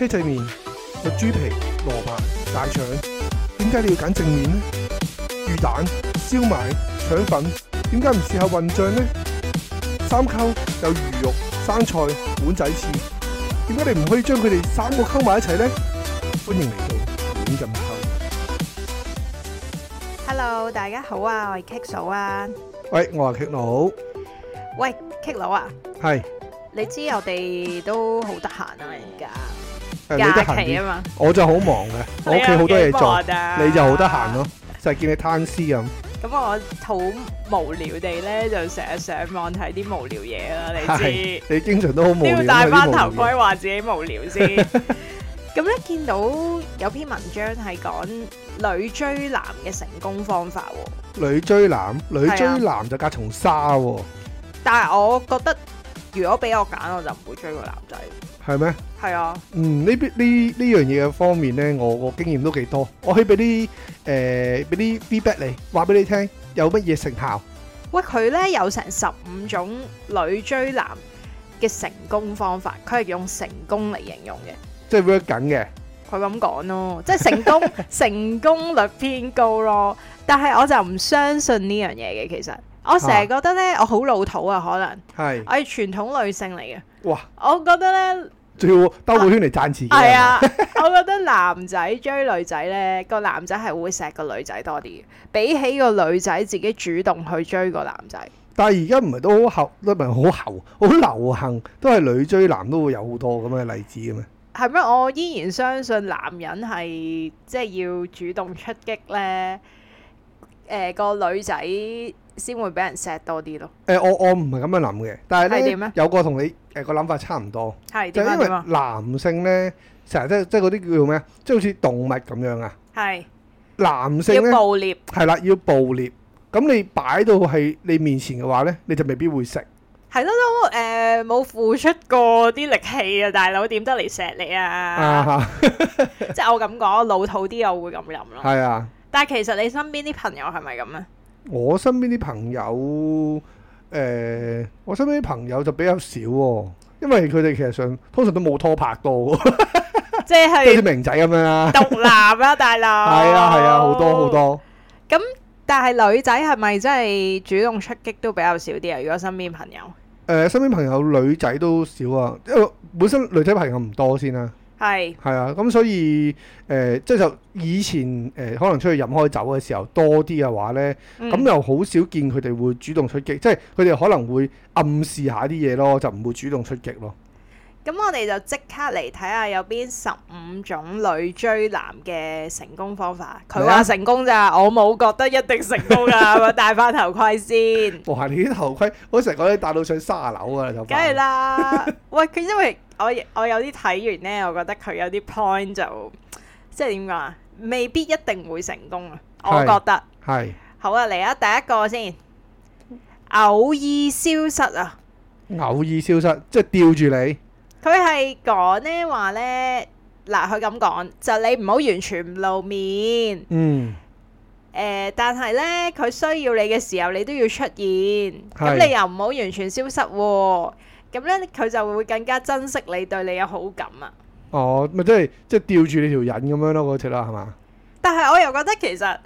雞仔麵有豬皮、蘿蔔、大腸，點解你要揀正面呢？魚蛋、燒賣、腸粉，點解唔試下混醬呢？三溝有魚肉、生菜、碗仔翅，點解你唔可以將佢哋三個溝埋一齊呢？歡迎嚟到戀咁媾。Hello，大家好啊，我係 Kick 嫂啊。喂，我係 Kick 佬。喂，Kick 佬啊。係是。你知我哋都好得閒啊，而家。你得閒啊嘛，我就好忙嘅，我屋企好多嘢做，你就好得閒咯，就係見你攤屍咁。咁我好無聊地咧，就成日上網睇啲無聊嘢咯，你知。你經常都好無聊，要戴翻頭盔話自己無聊先。咁咧見到有篇文章係講女追男嘅成功方法喎。女追男，女追男就隔層紗。但係我覺得，如果俾我揀，我就唔會追個男仔。係咩？係啊。嗯，呢邊呢呢樣嘢嘅方面咧，我我經驗都幾多，我可以俾啲誒俾啲 feedback 你，話俾你聽有乜嘢成效？喂，佢咧有成十五種女追男嘅成功方法，佢係用成功嚟形容嘅，即係 work 緊嘅。佢咁講咯，即係成功成功率偏高咯，但係我就唔相信呢樣嘢嘅。其實我成日覺得咧，我好老土啊，可能係我係傳統女性嚟嘅。哇！我覺得呢，仲要兜個圈嚟讚自己。係啊，吧 我覺得男仔追女仔呢，個男仔係會錫個女仔多啲，比起個女仔自己主動去追個男仔。但係而家唔係都好後，都唔係好後，好流行都係女追男都會有好多咁嘅例子嘅咩？係咩？我依然相信男人係即係要主動出擊呢誒，呃那個女仔。先會俾人錫多啲咯。誒，我我唔係咁樣諗嘅，但係咧有個同你誒個諗法差唔多。係點啊？就因為男性咧成日即即係嗰啲叫做咩啊？即係好似動物咁樣啊。係男性咧要捕獵，係啦，要捕獵。咁你擺到喺你面前嘅話咧，你就未必會食。係咯，都誒冇付出過啲力氣啊，大佬點得嚟錫你啊？即係我咁講老土啲，我會咁諗咯。係啊。但係其實你身邊啲朋友係咪咁啊？我身邊啲朋友，誒、呃，我身邊啲朋友就比較少喎、哦，因為佢哋其實上通常都冇拖拍到， 即係是啲明仔咁樣啦、啊，毒男啦，大佬，係啊係啊，好多好多。咁但係女仔係咪真係主動出擊都比較少啲啊？如果身邊朋友，誒、呃，身邊朋友女仔都少啊，因為本身女仔朋友唔多先啦、啊。係係啊，咁所以誒，即、呃、係就，就以前誒、呃，可能出去飲開酒嘅時候多啲嘅話咧，咁又好少見佢哋會主動出擊，嗯、即係佢哋可能會暗示下啲嘢咯，就唔會主動出擊咯。咁我哋就即刻嚟睇下有邊十五種女追男嘅成功方法。佢話成功咋，我冇覺得一定成功噶。我戴翻頭盔先，哇！你啲頭盔我成個都戴到上卅樓噶就，梗係啦。喂，佢因為我我有啲睇完呢，我覺得佢有啲 point 就即係點講啊，未必一定會成功啊。我覺得係好啊，嚟啊，第一個先，偶爾消失啊，偶爾消失，即係吊住你。佢係講呢話呢，嗱佢咁講，就你唔好完全唔露面，嗯、呃，但係呢，佢需要你嘅時候，你都要出現，咁是的 你又唔好完全消失，啊，咁呢，佢就會更加珍惜你，對你有好感啊。哦，咪即係即係吊住你條癮咁樣咯，嗰隻啦係嘛？但係我又覺得其實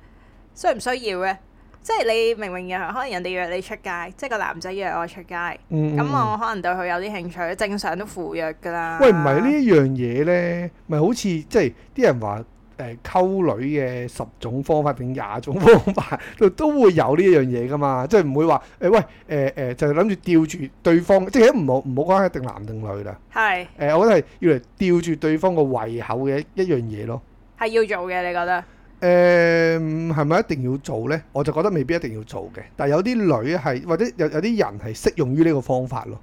需唔需要咧？即係你明明約，可能人哋約你出街，即係個男仔約我出街，咁、嗯、我可能對佢有啲興趣，正常都赴約噶啦。喂，唔係呢一樣嘢呢？咪好似即係啲人話誒溝女嘅十種方法定廿種方法，都都會有呢一樣嘢噶嘛？即係唔會話誒喂誒誒，就係諗住吊住對方，即係唔好唔好講一定男定女啦。係是、呃、我覺得係要嚟吊住對方個胃口嘅一樣嘢咯。係要做嘅，你覺得？誒，係咪一定要做呢？我就覺得未必一定要做嘅。但係有啲女係，或者有有啲人係適用於呢個方法咯。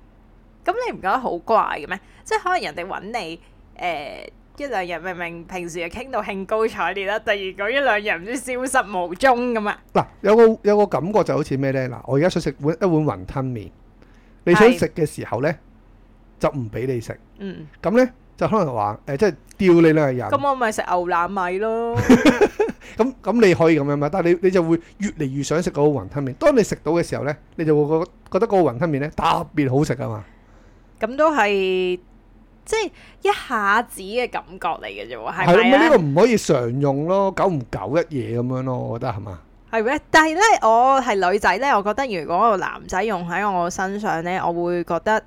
咁你唔覺得好怪嘅咩？即係可能人哋揾你誒一兩日，明明平時就傾到興高采烈啦，突然間一兩日唔知消失無蹤咁啊！嗱，有個有個感覺就好似咩呢？嗱，我而家想食碗一碗雲吞麵，你想食嘅時候呢，就唔俾你食。嗯，咁呢。就可能話誒，即係吊你兩個人。咁我咪食牛腩米咯。咁咁你可以咁樣嘛？但係你你就會越嚟越想食嗰個雲吞麵。當你食到嘅時候咧，你就會覺得覺得嗰個雲吞麵咧特別好食啊嘛。咁都係即係一下子嘅感覺嚟嘅啫喎。係咪？係咯，咁呢個唔可以常用咯，久唔久一嘢咁樣咯，我覺得係嘛？係咩？但係咧，我係女仔咧，我覺得如果個男仔用喺我身上咧，我會覺得。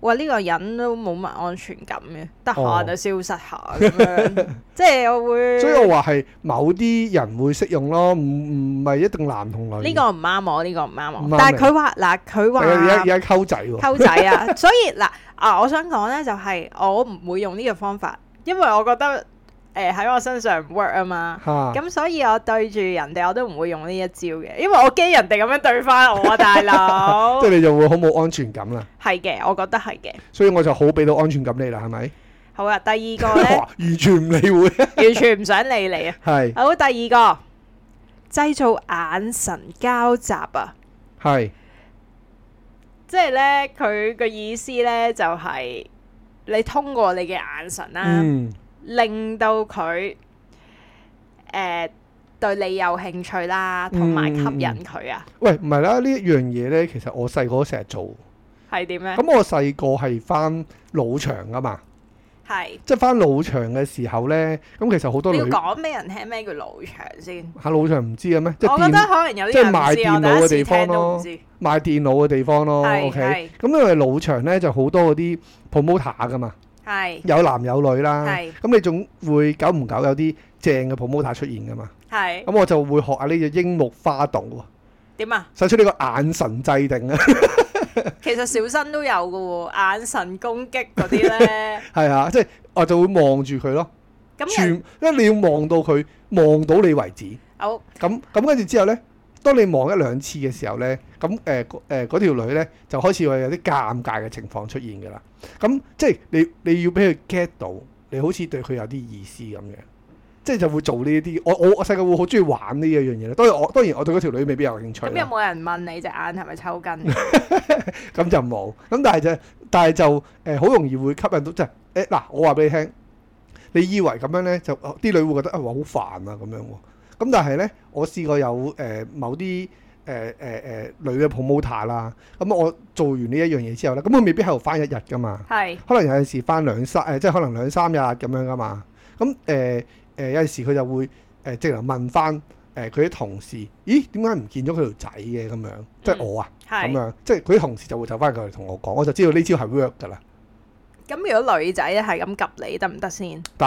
哇，呢個人都冇乜安全感嘅，得閒就消失下咁樣，哦、 即係我會。所以我話係某啲人會適用咯，唔唔係一定男同女。呢個唔啱我，呢個唔啱我。但係佢話嗱，佢話而家而家溝仔喎，溝仔啊！所以嗱啊，我想講咧就係我唔會用呢個方法，因為我覺得。誒，喺、欸、我身上 work 啊嘛，咁哈 所以我對住人哋我都唔會用呢一招嘅，因為我驚人哋咁樣對翻我啊 大佬，即係你就會好冇安全感啦。係嘅，我覺得係嘅，所以我就好俾到安全感你啦，係咪？好啦，啊，第二個咧， 完全唔理會，完全唔想理你啊。係 是好，第二個製造眼神交集啊，係是，即係咧，佢個意思咧就係、是、你通過你嘅眼神啦、啊。嗯令到佢誒對你有興趣啦，同埋吸引佢啊！喂，唔係啦，呢一樣嘢咧，其實我細個成日做。係點咧？咁我細個係翻老場㗎嘛。係。即係翻老場嘅時候咧，咁其實好多你要講俾人聽咩叫老場先？嚇老場唔知嘅咩？即係我覺得可能有啲。即係賣電腦嘅地方咯，賣電腦嘅地方咯。OK。咁因為老場咧就好多嗰啲 promoter 噶嘛。有男有女啦，咁是、嗯、你仲會久唔久有啲正嘅 promoter 出現噶嘛？咁是、嗯、我就會學下呢隻櫻木花道點啊？使出呢個眼神制定啊！ 其實小新都有嘅喎，眼神攻擊嗰啲咧係啊，即係我就會望住佢咯，你全因為你要望到佢望到你為止。好，咁咁跟住之後咧。當你望一兩次嘅時候咧，咁誒誒嗰條女咧就開始會有啲尷尬嘅情況出現㗎喇。咁即係你你要俾佢 get 到，你好似對佢有啲意思咁樣，即係就會做呢啲。我我我細個會好中意玩呢一樣嘢咯。當然我當然我對嗰條女未必有興趣。咁有冇人問你隻眼係咪抽筋？咁 就冇。咁但係就但係就誒好容易會吸引到即係誒嗱，我話俾你聽，你以為咁樣咧就啲、哦、女會覺得啊好煩啊咁樣喎。咁但係咧，我試過有誒、呃、某啲誒誒誒女嘅 promoter 啦。咁、嗯、我做完呢一樣嘢之後咧，咁佢未必喺度翻一日噶嘛。係。是 可能有陣時翻兩三誒、呃呃呃，即係可能兩三日咁樣噶嘛。咁誒誒有陣時佢就會誒即係問翻誒佢啲同事：咦，點解唔見咗佢條仔嘅？咁樣即係我啊，咁樣是是即係佢啲同事就會走翻過嚟同我講，我就知道呢招係 work 噶啦。咁如果女仔咧，係咁及你得唔得先？得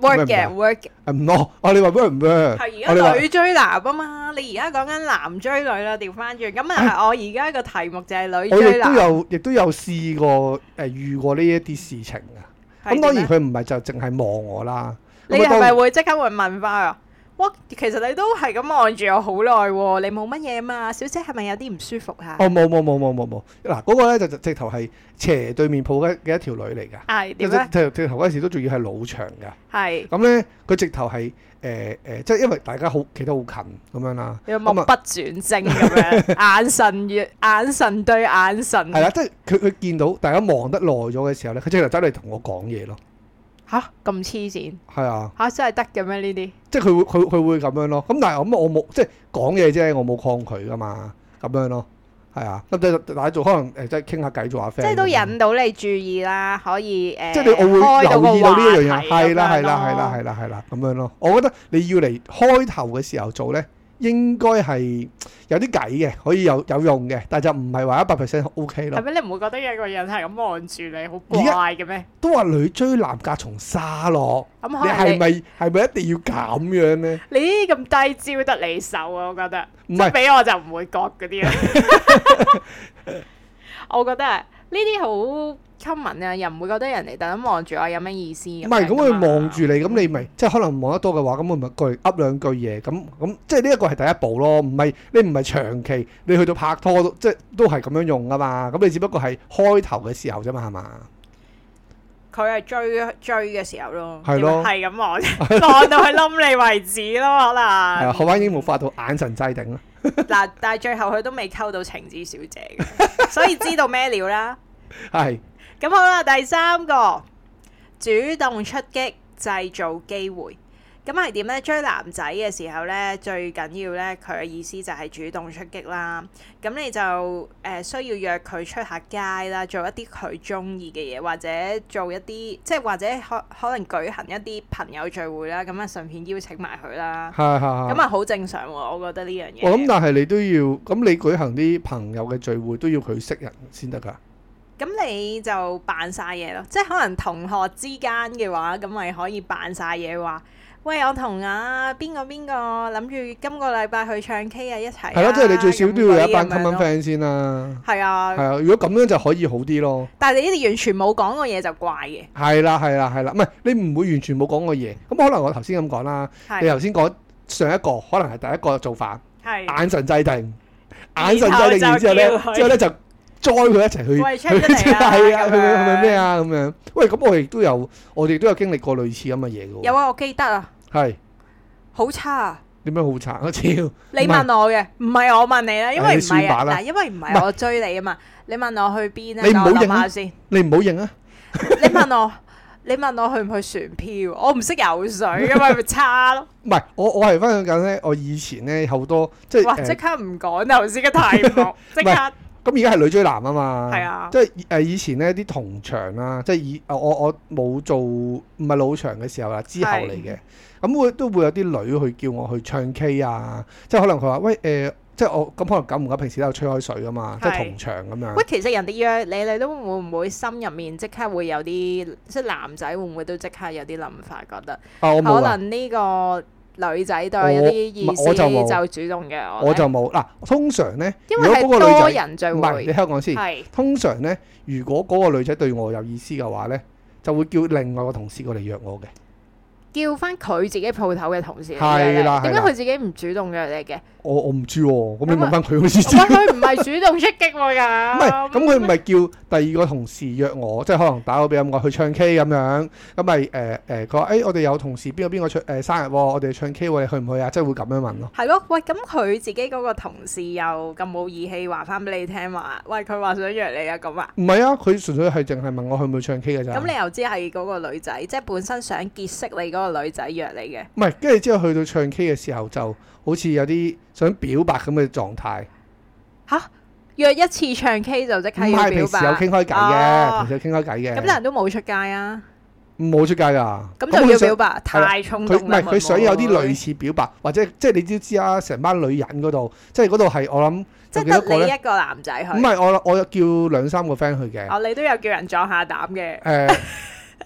work 嘅 work，唔咯？啊，你話 work 唔 work？係而家女追男啊嘛！你而家講緊男追女啦，調翻轉。咁啊，我而家個題目就係女追男。我亦都有，亦都有試過誒，遇過呢一啲事情啊。咁當然佢唔係就淨係望我啦。你係咪會即刻會問翻啊？哇，其實你都係咁望住我好耐，啊，你冇乜嘢啊嘛，小姐係咪有啲唔舒服嚇？啊？哦，冇冇冇冇冇冇，嗱、那、嗰個咧就直頭係斜對面鋪嘅嘅一條女嚟㗎，係點咧？啊、直頭嗰時都仲要係老長㗎，係是。咁咧佢直頭係誒誒，即、呃、係因為大家好，企得好近咁樣啦，有冇目不轉睛咁樣，眼神與 眼神對眼神。係啦、啊，即係佢佢見到大家望得耐咗嘅時候咧，佢直頭走嚟同我講嘢咯。吓，咁黐線！係啊，吓真係得嘅咩呢啲？即係佢會佢佢會咁樣咯。咁但係咁我冇即係講嘢啫，我冇抗拒噶嘛。咁樣咯，係啊。咁即係大家做可能誒，即係傾下偈做下 friend。即係都引到你注意啦，可以誒。即係你我會留意到呢一樣嘢，係啦係啦係啦係啦係啦，咁樣咯。我覺得你要嚟開頭嘅時候做咧。應該係有啲計嘅，可以有有用嘅，但就唔係話一百 percent O K 咯。係、OK、咪？你唔會覺得有個人係咁望住你好怪嘅咩？都話女追男隔層紗咯，嗯、你係咪係咪一定要咁樣呢？你咁低招得你手啊！我覺得唔係俾我就唔會覺嗰啲啊！我覺得呢啲好。又唔會覺得人哋突然望住我有咩意思？唔係咁佢望住你，咁你咪即係可能望得多嘅話，咁佢咪過嚟噏兩句嘢。咁咁即係呢一個係第一步咯，唔係你唔係長期你去到拍拖即係都係咁樣用噶嘛。咁你只不過係開頭嘅時候啫嘛，係嘛？佢係追追嘅時候咯，係咯，係咁望望到佢冧你為止咯，可能。係啊，灣已經冇發到眼神界定啦。嗱，但係最後佢都未溝到晴子小姐，所以知道咩料啦。係。咁好啦，第三個主動出擊，製造機會。咁係點咧？追男仔嘅時候咧，最緊要咧，佢嘅意思就係主動出擊啦。咁你就誒、呃、需要約佢出下街啦，做一啲佢中意嘅嘢，或者做一啲即係或者可可能舉行一啲朋友聚會啦。咁啊，順便邀請埋佢啦。咁啊，好正常喎、啊，我覺得呢樣嘢。咁但係你都要，咁你舉行啲朋友嘅聚會都要佢識人先得㗎。咁你就扮晒嘢咯，即係可能同學之間嘅話，咁咪可以扮晒嘢話，喂，我同啊，邊個邊個諗住今個禮拜去唱 K 齊啊，一齊係咯，即係你最少都要有一班 common friend 先啦，係啊，係啊的，如果咁樣就可以好啲咯。但係你呢啲完全冇講過嘢就怪嘅。係啦係啦係啦，唔係你唔會完全冇講過嘢，咁可能我頭先咁講啦，的你頭先講上一個可能係第一個做法，係的眼神制定，眼神制定的然後然後之後咧，之後咧就。載佢一齊去，係啊，係咪咩啊咁樣？喂，咁我亦都有，我哋都有經歷過類似咁嘅嘢嘅。有啊，我記得啊。係，好差啊！點樣好差啊？你問我嘅，唔係我問你啦，因為唔係，但係因為唔係我追你啊嘛。你問我去邊啊？你唔好應下先。你唔好應啊！你問我，你問我去唔去船票？我唔識游水噶嘛，咪差咯。唔係，我我係分享緊咧，我以前咧好多即係。哇！即刻唔講頭先嘅題目，即刻。咁而家係女追男啊嘛，是啊即係誒以前呢啲同場啦、啊，即係以我我冇做唔係老場嘅時候啦，之後嚟嘅，咁是、嗯、會都會有啲女去叫我去唱 K 啊，即係可能佢話喂誒、呃，即係我咁可能久唔久平時都有吹開水噶嘛，是即係同場咁樣。喂，其實人哋約你，你都會唔會心入面即刻會有啲，即係男仔會唔會都即刻有啲諗法覺得？啊、我冇啊、可能呢、呢個。女仔都有一啲意思就主動嘅，我就冇嗱。通常呢，如果係多人聚會，唔係你聽我講先。通常呢，如果嗰個女仔對我有意思嘅話呢，就會叫另外個同事過嚟約我嘅。叫翻佢自己鋪頭嘅同事係啦，點解佢自己唔主動約你嘅？我我唔知喎，咁你問翻佢好似知。喂，佢唔係主動出擊㗎。唔係，咁佢唔係叫第二個同事約我，即係可能打個電話去唱 K 咁樣，咁咪誒誒佢話誒我哋有同事邊個邊個唱誒生日喎，我哋去唱 K 喎，你去唔去啊？即係會咁樣問咯。係咯，喂，咁佢自己嗰個同事又咁冇義氣話翻俾你聽話，喂佢話想約你啊咁啊？唔係啊，佢純粹係淨係問我去唔去唱 K 嘅咋。咁你又知係嗰個女仔，即係本身想結識你嗰個女仔約你嘅。唔係，跟住之後去到唱 K 嘅時候，就好似有啲想表白咁嘅狀態。吓，約一次唱 K 就即刻要表白。平時有傾開偈嘅，平時傾開偈嘅。咁啲人都冇出街啊？冇出街噶。咁就要表白，太衝動。唔係，佢想有啲類似表白，或者即係你都知啦，成班女人嗰度，即係嗰度係我諗，即係得你一個男仔去。唔係，我我有叫兩三個 friend 去嘅。哦，你都有叫人壯下膽嘅。誒。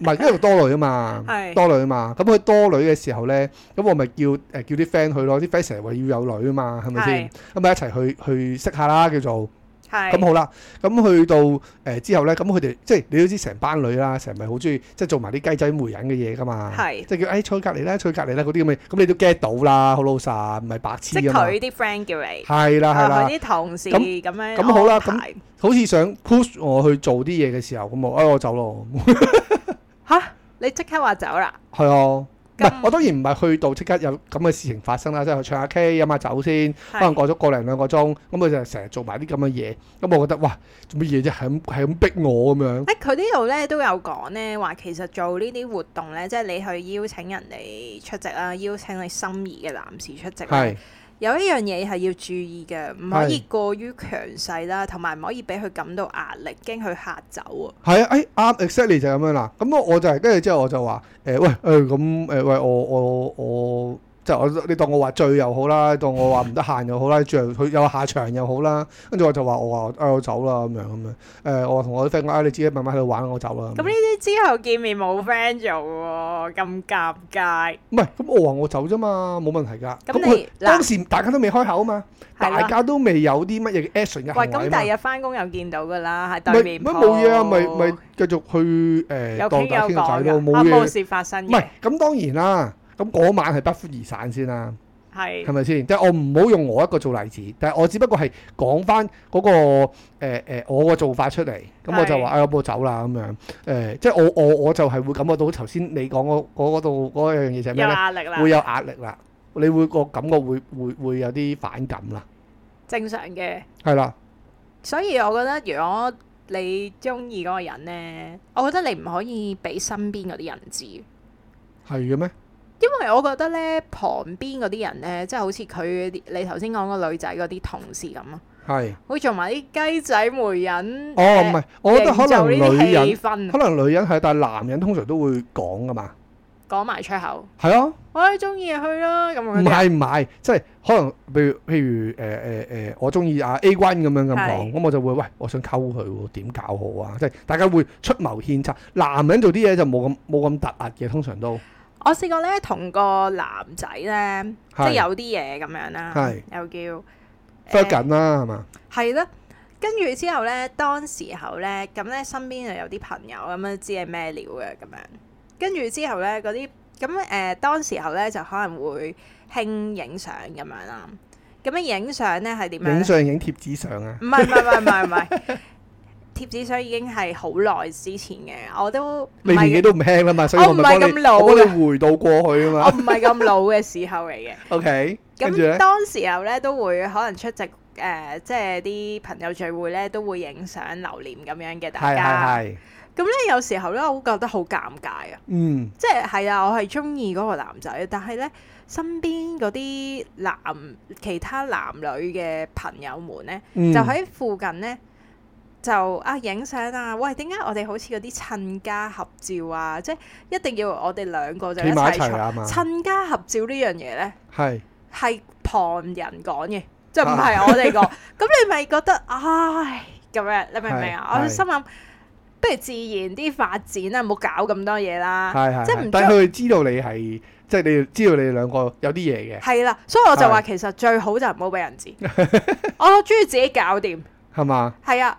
唔係，因為多女啊嘛，是多女啊嘛。咁佢多女嘅時候咧，咁我咪叫誒、呃、叫啲 friend 去咯。啲 friend 成日話要有女啊嘛，係咪先？咁咪是一齊去去識下啦，叫做。係是。咁、嗯、好啦，咁、嗯、去到誒、呃、之後咧，咁佢哋即係你都知成班女啦，成日咪好中意即係做埋啲雞仔、媒人嘅嘢㗎嘛。係是。即係叫誒坐喺隔離啦，坐喺隔離啦嗰啲咁嘅，咁你都 get 到啦，好老實，唔係白痴。即係佢啲 friend 叫你。係啦，係啦。佢啲同事咁樣安排。咁好啦，咁好似想 push 我去做啲嘢嘅時候，咁我誒、哎、我走咯。 你即刻話走啦？係啊、哦，唔係那我當然唔係去到即刻有咁嘅事情發生啦，即、就、係、是、唱下 K 飲下酒先，是可能過咗個零兩個鐘，咁、嗯、佢就成日做埋啲咁嘅嘢，咁、嗯、我覺得哇，做乜嘢啫？係係咁逼我咁樣。誒，佢呢度咧都有講咧，話其實做呢啲活動咧，即係你去邀請人哋出席啊，邀請你心儀嘅男士出席。有一樣嘢係要注意嘅，唔可以過於強勢啦，同埋唔可以俾佢感到壓力，驚佢嚇走啊！係啊，誒、哎、啱 exactly 就係咁樣啦。咁我我就係跟住之後我就話誒、呃、喂誒咁誒喂我我我。我我你當我話醉又好啦，當我話唔得閒又好啦，最後佢有下場又好啦，跟住我就話我話嗌我走啦咁樣咁樣，誒、欸、我話同我啲 friend 嗌你自己慢慢喺度玩，我走啦。咁呢啲之後見面冇 friend 做喎，咁尷尬。唔係，咁我話我走啫嘛，冇問題噶。咁你當時大家都未開口嘛，的大家都未有啲乜嘢 action 嘅。咁第二日翻工又見到噶啦，係對面。冇嘢啊？咪咪繼續去誒，大家傾偈咯，冇事發生。唔係，咁當然啦。咁嗰晚係不歡而散先啦，係，係咪先？即係我唔好用我一個做例子，但係我只不過係講翻嗰個誒誒，我個做法出嚟，咁我就話誒，我走啦咁樣。誒，即係我我我就係會感覺到頭先你講嗰嗰度嗰樣嘢就係咩咧？壓力啦，會有壓力啦，你會個感覺會會會有啲反感啦，正常嘅。係啦，所以我覺得如果你中意嗰個人咧，我覺得你唔可以俾身邊嗰啲人知，係嘅咩？因為我覺得咧，旁邊嗰啲人咧，即係好似佢啲，你頭先講個女仔嗰啲同事咁啊，係是會做埋啲雞仔媒人。哦，唔係，我覺得可能女人，可能女人係，但係男人通常都會講噶嘛，講埋出口。係啊，我中意去啦，咁樣。唔係唔係，即係可能，譬如譬如誒誒誒，我中意阿 A one 咁樣咁講，咁是我就會喂，我想溝佢，點搞好啊？即係大家會出謀獻策，男人做啲嘢就冇咁冇咁突兀嘅，通常都。我試過咧同個男仔咧，是即係有啲嘢咁樣啦，是又叫 f i、呃、緊啦，係嘛？係啦，跟住之後咧，當時候咧，咁咧身邊就有啲朋友咁樣知係咩料嘅咁樣，跟住之後咧嗰啲咁誒，當時候咧就可能會興影相咁樣啦，咁樣影相咧係點樣？影相影貼紙相啊？唔係唔係唔係唔係。 貼紙相已經係好耐之前嘅，我都你年紀都唔輕啦嘛，我唔係咁老啦。我會回到過去啊嘛， 我唔係咁老嘅時候嚟嘅。OK，咁咧當時候咧、嗯、都會可能出席誒、呃，即係啲朋友聚會咧都會影相留念咁樣嘅。大家係係。咁咧有時候咧，我覺得好尷尬啊。嗯，即係係啊，我係中意嗰個男仔，但係咧身邊嗰啲男其他男女嘅朋友們咧，就喺附近咧。嗯就啊影相啊！喂，點解我哋好似嗰啲親家合照啊？即係一定要我哋兩個就喺埋一齊啊嘛！親家合照呢樣嘢咧，係係是旁人講嘅，就唔係我哋講、那個。咁 你咪覺得唉咁樣？你明唔明啊？我心諗不如自然啲發展啊，唔好搞咁多嘢啦。即係唔但佢哋知道你係，即、就、係、是、你知道你哋兩個有啲嘢嘅。係啦，所以我就話是其實最好就唔好俾人知。 我中意自己搞掂，係嘛嗎？係啊。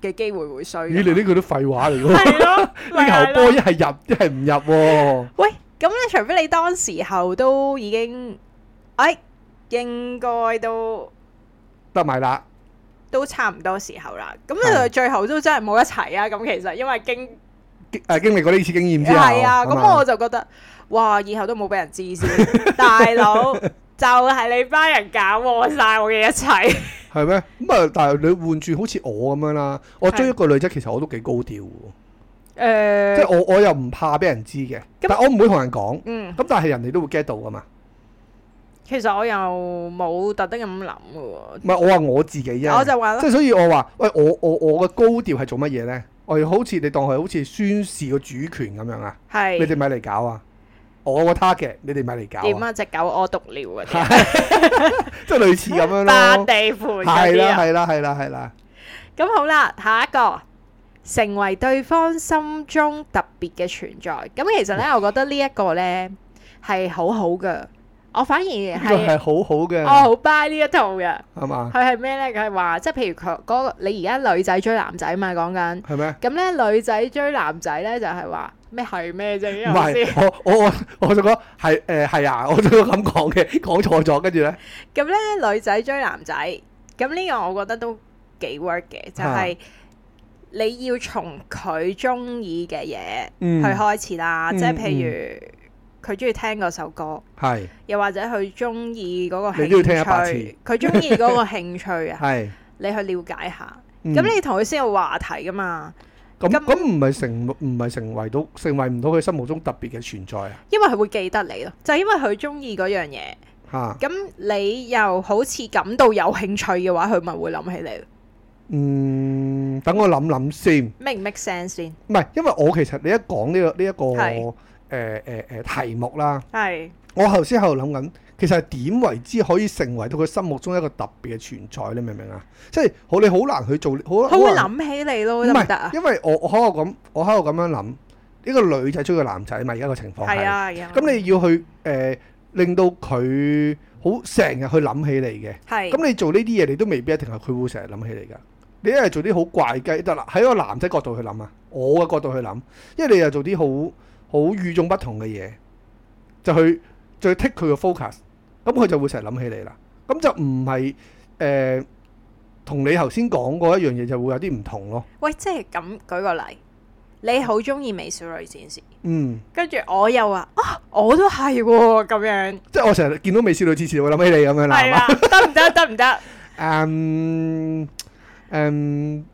嘅機會會衰，你連呢句都廢話嚟咯。係咯，啲球波一係入，一係唔入。喂，咁咧，除非你當時候都已經，哎，應該都得埋啦，都差唔多時候啦。咁你，最後都真係冇一齊啊。咁其實因為經，誒經歷過呢次經驗之後，係啊，咁我就覺得，哇，以後都冇俾人知先，大佬就係你班人搞禍曬我嘅一切。係咩咁啊？但係你換住好似我咁樣啦，我追一個女仔，是其實我都幾高調嘅。誒、呃，即係我我又唔怕俾人知嘅，但，但我唔會同人講。嗯，咁但係人哋都會 get 到噶嘛。其實我又冇特登咁諗嘅。唔係我話我自己啫，我就話即係，所以我話喂，我我我嘅高調係做乜嘢咧？我，我，呢我好似你當佢好似宣示個主權咁樣啊。係是，你哋咪嚟搞啊！我個 target，你哋咪嚟搞啊！點啊？隻狗屙毒尿啊！即係類似咁樣咯。翻地盤。係啦，係啦，係啦，係啦。咁好啦，下一個成為對方心中特別嘅存在。咁其實咧，我覺得呢一個咧係好好嘅。我反而係，好好嘅我好 buy 呢一套嘅。係嘛嗎？佢係咩咧？佢係話，即係譬如佢，嗰個，你而家女仔追男仔嘛，講緊。係咩嗎？咁咧，女仔追男仔咧，就係話咩係咩啫？呢樣唔係，我我我就講係誒係啊，我都咁講嘅，講錯咗，跟住咧。咁咧，女仔追男仔，咁呢個我覺得都幾 work 嘅，就係、係啊、你要從佢中意嘅嘢，去開始啦，嗯、即係譬如。嗯嗯佢中意聽嗰首歌，係又或者佢中意嗰個，興趣，你中意聽一百次。佢中意嗰個興趣啊，係你去了解下，咁你同佢先有話題噶嘛？咁咁唔係成唔係成為到，成為唔到佢心目中特別嘅存在啊？因為佢會記得你咯，就係因為佢中意嗰樣嘢，吓咁你又好似感到有興趣嘅話，佢咪會諗起你咯？嗯，等我諗諗先，make 唔 make sense 先？唔係，因為我其實你一講呢個呢一個。誒誒誒，題目啦，係是我頭先喺度諗緊，其實係點為之可以成為到佢心目中一個特別嘅存在咧？你明唔明啊？即係好你好難去做好，難佢會諗起你咯？唔係，因為我我喺度咁，我喺度咁樣諗，呢個女仔追個男仔，嘛，而家個情況係啊，咁、啊、你要去誒、呃，令到佢好成日去諗起你嘅，咁是你做呢啲嘢，你都未必一定係佢會成日諗起你噶。你一係做啲好怪雞得啦，喺個男仔角度去諗啊，我嘅角度去諗，因為你又做啲好。好與眾不同嘅嘢，就去再 take 佢嘅 focus，咁佢就會成日諗起你啦。咁就唔係誒同你頭先講過一樣嘢，就會有啲唔同咯。喂，即係咁，舉個例，你好中意美少女戰士，嗯，跟住我又話啊，我都係喎，咁樣。即係我成日見到美少女戰士會諗起你咁樣啦。係啊，得唔得？得唔得？嗯嗯。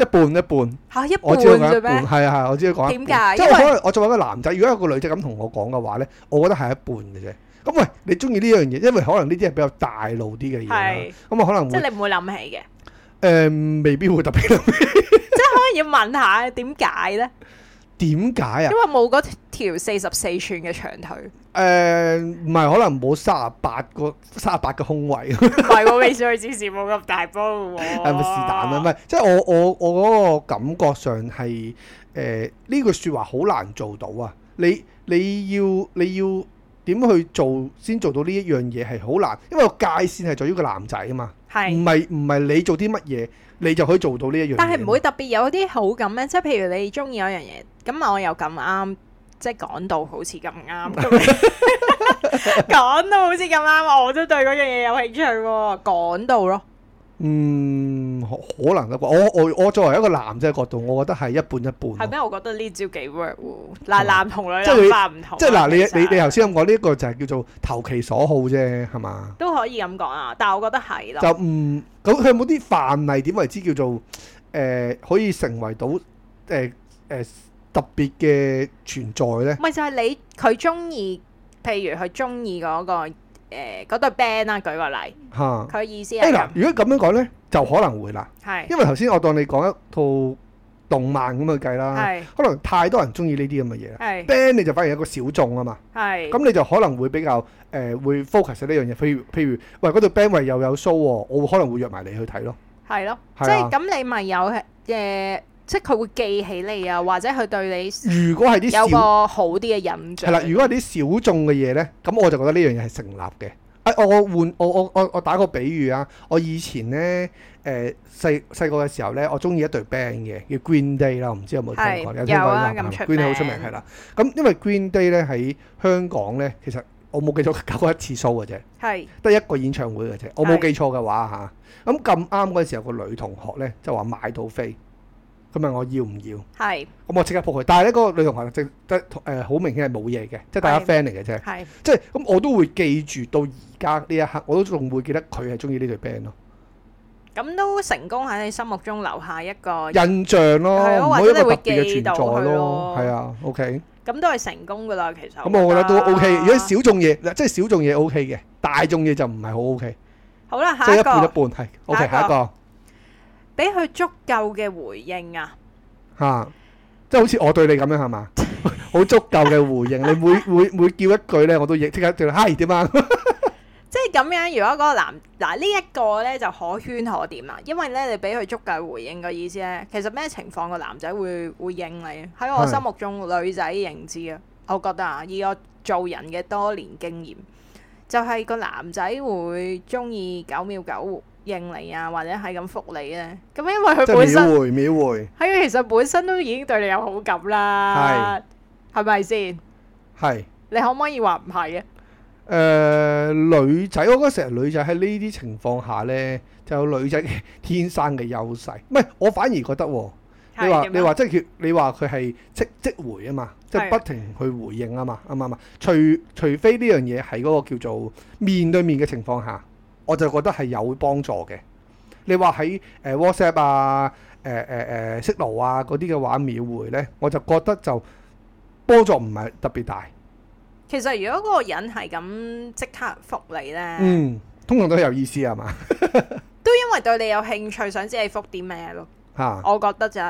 一半一半嚇，一半啫啊，係啊我知係講一半。點解？因為我作為一個男仔，因為 如果一個女仔咁同我講嘅話咧，我覺得係一半嘅啫。咁喂，你中意呢樣嘢？因為可能呢啲係比較大路啲嘅嘢。係的，咁我可能即係你唔會諗起嘅。誒、呃，未必會特別諗起。 即係可能要問下點解咧？點解啊？因為冇嗰條四十四寸嘅長腿。誒、呃，唔係可能冇三啊八個三啊八個胸圍。唔 係，我未上去試試，冇咁大波喎。係咪、呃、是但啊？唔係，即係我我我嗰個感覺上係誒呢句説話好難做到啊！你你要你要。你要點去做先做到呢一樣嘢係好難，因為個界線係在於個男仔啊嘛，係。唔係唔係你做啲乜嘢，你就可以做到呢一樣。但係唔會特別有啲好感咩？即係譬如你中意嗰樣嘢，咁我又咁啱，即係講到好似咁啱，咁講 到好似咁啱，我都對嗰樣嘢有興趣喎，講到咯。嗯，可能啲啩，我我我作為一個男仔角度，我覺得係一半一半。係咩？我覺得呢招幾 work 喎，男男同女女諗法唔同，啊 即。即係嗱，你你你頭先咁講呢一個就係叫做投其所好啫，係嘛？都可以咁講啊，但係我覺得係咯。就唔咁，佢、嗯、有冇啲範例點為之叫做誒、呃，可以成為到誒誒、呃呃、特別嘅存在咧？咪就係你佢中意，譬如佢中意嗰個。誒嗰、呃、對 band 啦，舉個例，佢哈意思係嗱，Anna，如果咁樣講咧，就可能會啦，係是，因為頭先我當你講一套動漫咁去計啦，係是，可能太多人中意呢啲咁嘅嘢，band 你就反而有個小眾啊嘛，係是，咁你就可能會比較誒、呃、會 focus 呢樣嘢，譬如譬如喂嗰對 band 咪又有，有 show 喎、哦，我可能會約埋你去睇咯，係咯，即係咁你咪有誒。呃即係佢會記起你啊，或者佢對你有個好啲嘅印象係啦。如果係啲小眾嘅嘢咧，咁我就覺得呢樣嘢係成立嘅。誒、哎，我換我換我我我我打個比喻啊，我以前咧誒細細個嘅時候咧，我中意一隊 band 嘅叫 Green Day 啦。我唔知有冇聽過是有冇聽過啦。Green Day 好出名係啦。咁因為 Green Day 咧喺香港咧，其實我冇記錯，搞過一次 show 嘅啫，係得是一個演唱會嘅啫。我冇記錯嘅話吓。咁咁啱嗰陣時候，個女同學咧就話買到飛。佢問我要唔要？係。咁我即刻撲佢，但係咧嗰個女同學即係誒，好明顯係冇嘢嘅，即係大家 friend 嚟嘅啫。係。即係咁，我都會記住到而家呢一刻，我都仲會記得佢係中意呢隊 band 咯。咁都成功喺你心目中留下一個印象咯，一個特別嘅存在咯，我會因為記住佢咯。係啊，OK。咁都係成功噶啦，其實。咁我覺得都 OK，如果小眾嘢嗱，即係小眾嘢 OK 嘅，大眾嘢就唔係好 OK。好啦，下一個。即係一半一半，係 OK，下一個。俾佢足夠嘅回應啊！吓，即係好似我對你咁樣係嘛，好足夠嘅回應。你每每每叫一句咧，我都應即刻對啦。嗨點啊？即係咁樣。如果嗰個男嗱，呢一個咧就可圈可點啦，因為咧你俾佢足夠嘅回應嘅意思咧，其實咩情況個男仔會會應你？喺我心目中，女仔認知啊，我覺得啊，以我做人嘅多年經驗，就係個男仔會中意九秒九。應你啊，或者係咁覆你咧，咁因為佢本身秒回秒回，係佢其實本身都已經對你有好感啦，係咪先？係是你可唔可以話唔係啊？誒、呃，女仔，我覺得成日女仔喺呢啲情況下呢，就有女仔天生嘅優勢。唔係，我反而覺得、啊，你話你話即係叫你話佢係即即回啊嘛，即係的不停去回應啊嘛，啱嘛嘛。除除非呢樣嘢喺嗰個叫做面對面嘅情況下。我就覺得係有幫助嘅。你話喺誒 WhatsApp 啊、誒誒誒 Signal 啊嗰啲嘅話秒回呢，我就覺得就幫助唔係特別大。其實如果嗰個人係咁即刻覆你呢，嗯，通常都有意思係嘛？ 都因為對你有興趣，想知你覆啲咩咯。嚇、啊，我覺得就，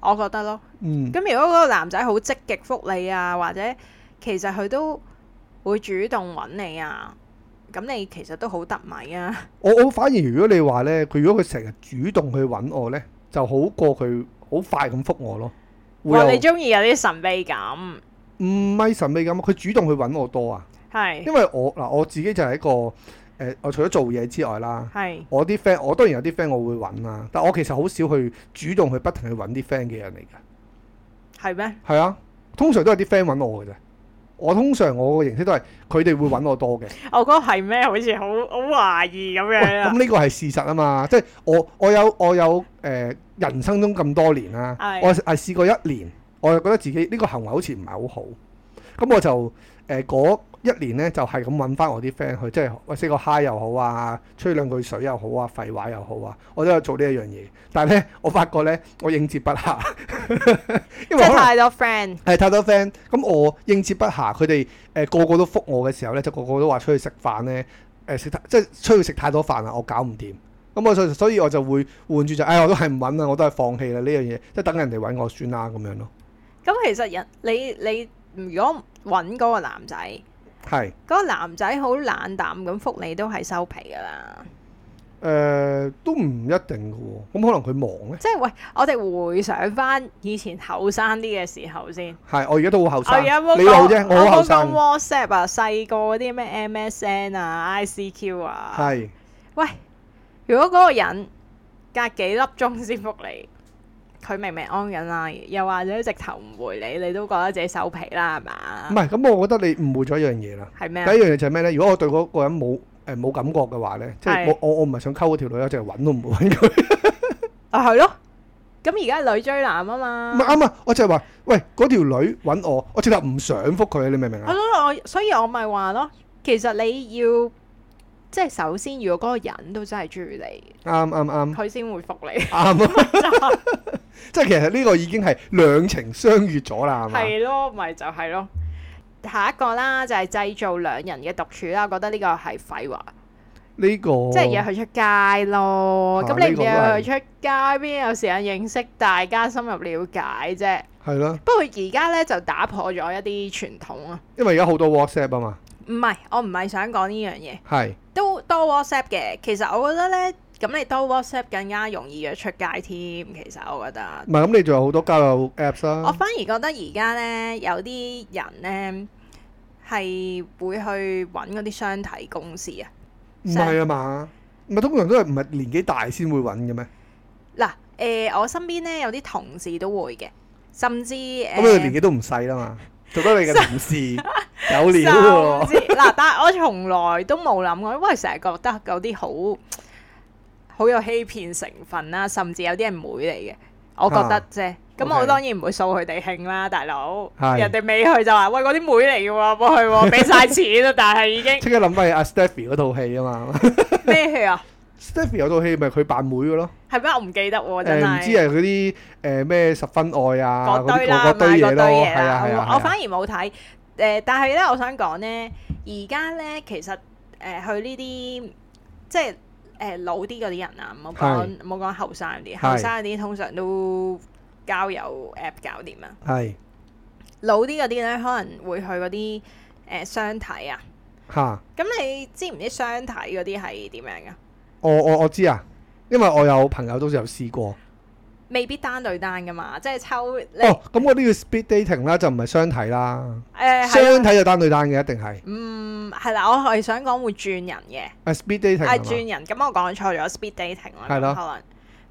我覺得咯。咁、嗯、如果嗰個男仔好積極覆你啊，或者其實佢都會主動揾你啊。咁你其實都好得米啊！我我反而如果你話呢，佢如果佢成日主動去揾我呢，就好過佢好快咁覆我咯。你中意有啲神秘感，唔係神秘感，佢主動去揾我多啊。係是，因為我嗱我自己就係一個誒、呃，我除咗做嘢之外啦，係是我啲 friend，我當然有啲 friend 我會揾啦、啊，但我其實好少去主動去不停去揾啲 friend 嘅人嚟噶。係咩嗎？係啊，通常都係啲 friend 揾我嘅啫。我通常我嘅形式都係佢哋會揾我多嘅，我覺得係咩？好似好好懷疑咁樣、啊。咁呢個係事實啊嘛，即係我我有我有誒、呃、人生中咁多年啦、啊，是我係試過一年，我就覺得自己呢個行為好似唔係好好。咁、嗯、我就誒嗰、呃、一年咧，就係咁揾翻我啲 friend 去，即係我識個 hi 又好啊，吹兩句水又好啊，廢話又好啊，我都有做呢一樣嘢。但係咧，我發覺咧，我應接不暇，因為我太多 friend，係太多 friend。咁、哎嗯、我應接不暇，佢哋誒個個都覆我嘅時候咧，就個個都話出去食飯咧，誒、呃、食即係出去食太多飯啊，我搞唔掂。咁、嗯、我所所以我就會換住，就、哎、誒，我都係唔揾啦，我都係放棄啦呢樣嘢，即係等人哋揾我算啦咁樣咯。咁其實人你你。你你你如果揾嗰個男仔，係嗰個男仔好冷淡咁覆你，都係收皮㗎喇。誒，都唔一定㗎喎，咁可能佢忙咧。即係喂，我哋回想返以前後生啲嘅時候先。係，我而家都好後生，你有啫，我好後生。WhatsApp 啊，細個嗰啲咩 MSN 啊，ICQ 啊，係。喂，如果嗰個人隔幾粒鐘先覆你？佢明明安緊啦，又或者你直頭唔回你，你都覺得自己收皮啦，係嘛？唔係，咁我覺得你誤會咗一樣嘢啦。係咩？第一樣嘢就係咩呢？如果我對嗰個人冇誒冇感覺嘅話呢，即係我是我唔係想溝嗰條女，我、 啊女，我淨係揾都唔會揾佢。啊，係咯。咁而家係女追男啊嘛。唔係啱啊！我就係話，喂，嗰條女揾我，我直頭唔想覆佢，你明唔明啊？所以我咪話咯，其實你要。即係首先，如果嗰個人都真係中意你，啱啱啱，佢先會覆你。啱，即係其實呢個已經係兩情相悅咗啦，係嘛？係咯，咪就係咯。下一個啦，就係、是、製造兩人嘅獨處啦。覺得呢個係廢話。呢這個即係約佢出街咯。咁、啊、你唔約佢出街，邊、啊這個、有時間認識大家深入了解啫？係咯。是的 不過而家呢，就打破咗一啲傳統啊。因為而家好多 WhatsApp 啊嘛。唔係，我唔係想講呢樣嘢。係是都多 WhatsApp 嘅，其實我覺得呢，咁你多 WhatsApp 更加容易約出街添。其實我覺得。唔係，咁你仲有好多交友 Apps 啦、啊。我反而覺得而家呢，有啲人呢係會去揾嗰啲相睇公司啊。唔係啊嘛？唔係以通常都係唔係年紀大先會揾嘅咩？嗱，誒、呃，我身邊呢，有啲同事都會嘅，甚至誒，咁佢年紀都唔細啦嘛。做得你嘅同事，有年喎。嗱、啊，但係我從來都冇諗過，我 因為成日覺得有啲好好有欺騙成分啦，甚至有啲係妹嚟嘅。我覺得啫，咁、啊 okay、我當然唔會掃佢哋興啦，大佬。是人哋未去就話喂，嗰啲妹嚟嘅喎，冇去喎，俾晒錢啊， 但係已經。即刻諗翻阿 Stephy 嗰套戲啊嘛。咩 戲啊？Stephy 有套戲咪佢扮妹嘅咯，係咩？我唔記得喎。真係。誒，唔知係嗰啲誒咩十分愛啊嗰堆啦，嗰堆嘢咯，係啊係啊。我反而冇睇誒，但係咧，我想講咧，而家咧其實誒去呢啲即係誒老啲嗰啲人啊，唔好講唔好講後生啲，後生啲通常都交友 app 搞掂啊。係老啲嗰啲咧，可能會去嗰啲誒相睇啊。吓咁你知唔知相睇嗰啲係點樣嘅？我我我知啊，因為我有朋友都有試過，未必單對單噶嘛，即係抽哦。咁嗰啲叫 speed dating 啦，就唔係雙體啦。誒、欸，雙體就單對單嘅，一定係。嗯，係啦，我係想講會轉人嘅。誒、啊，speed dating。誒，轉人。咁我講錯咗，speed dating 啦。係啦，可能。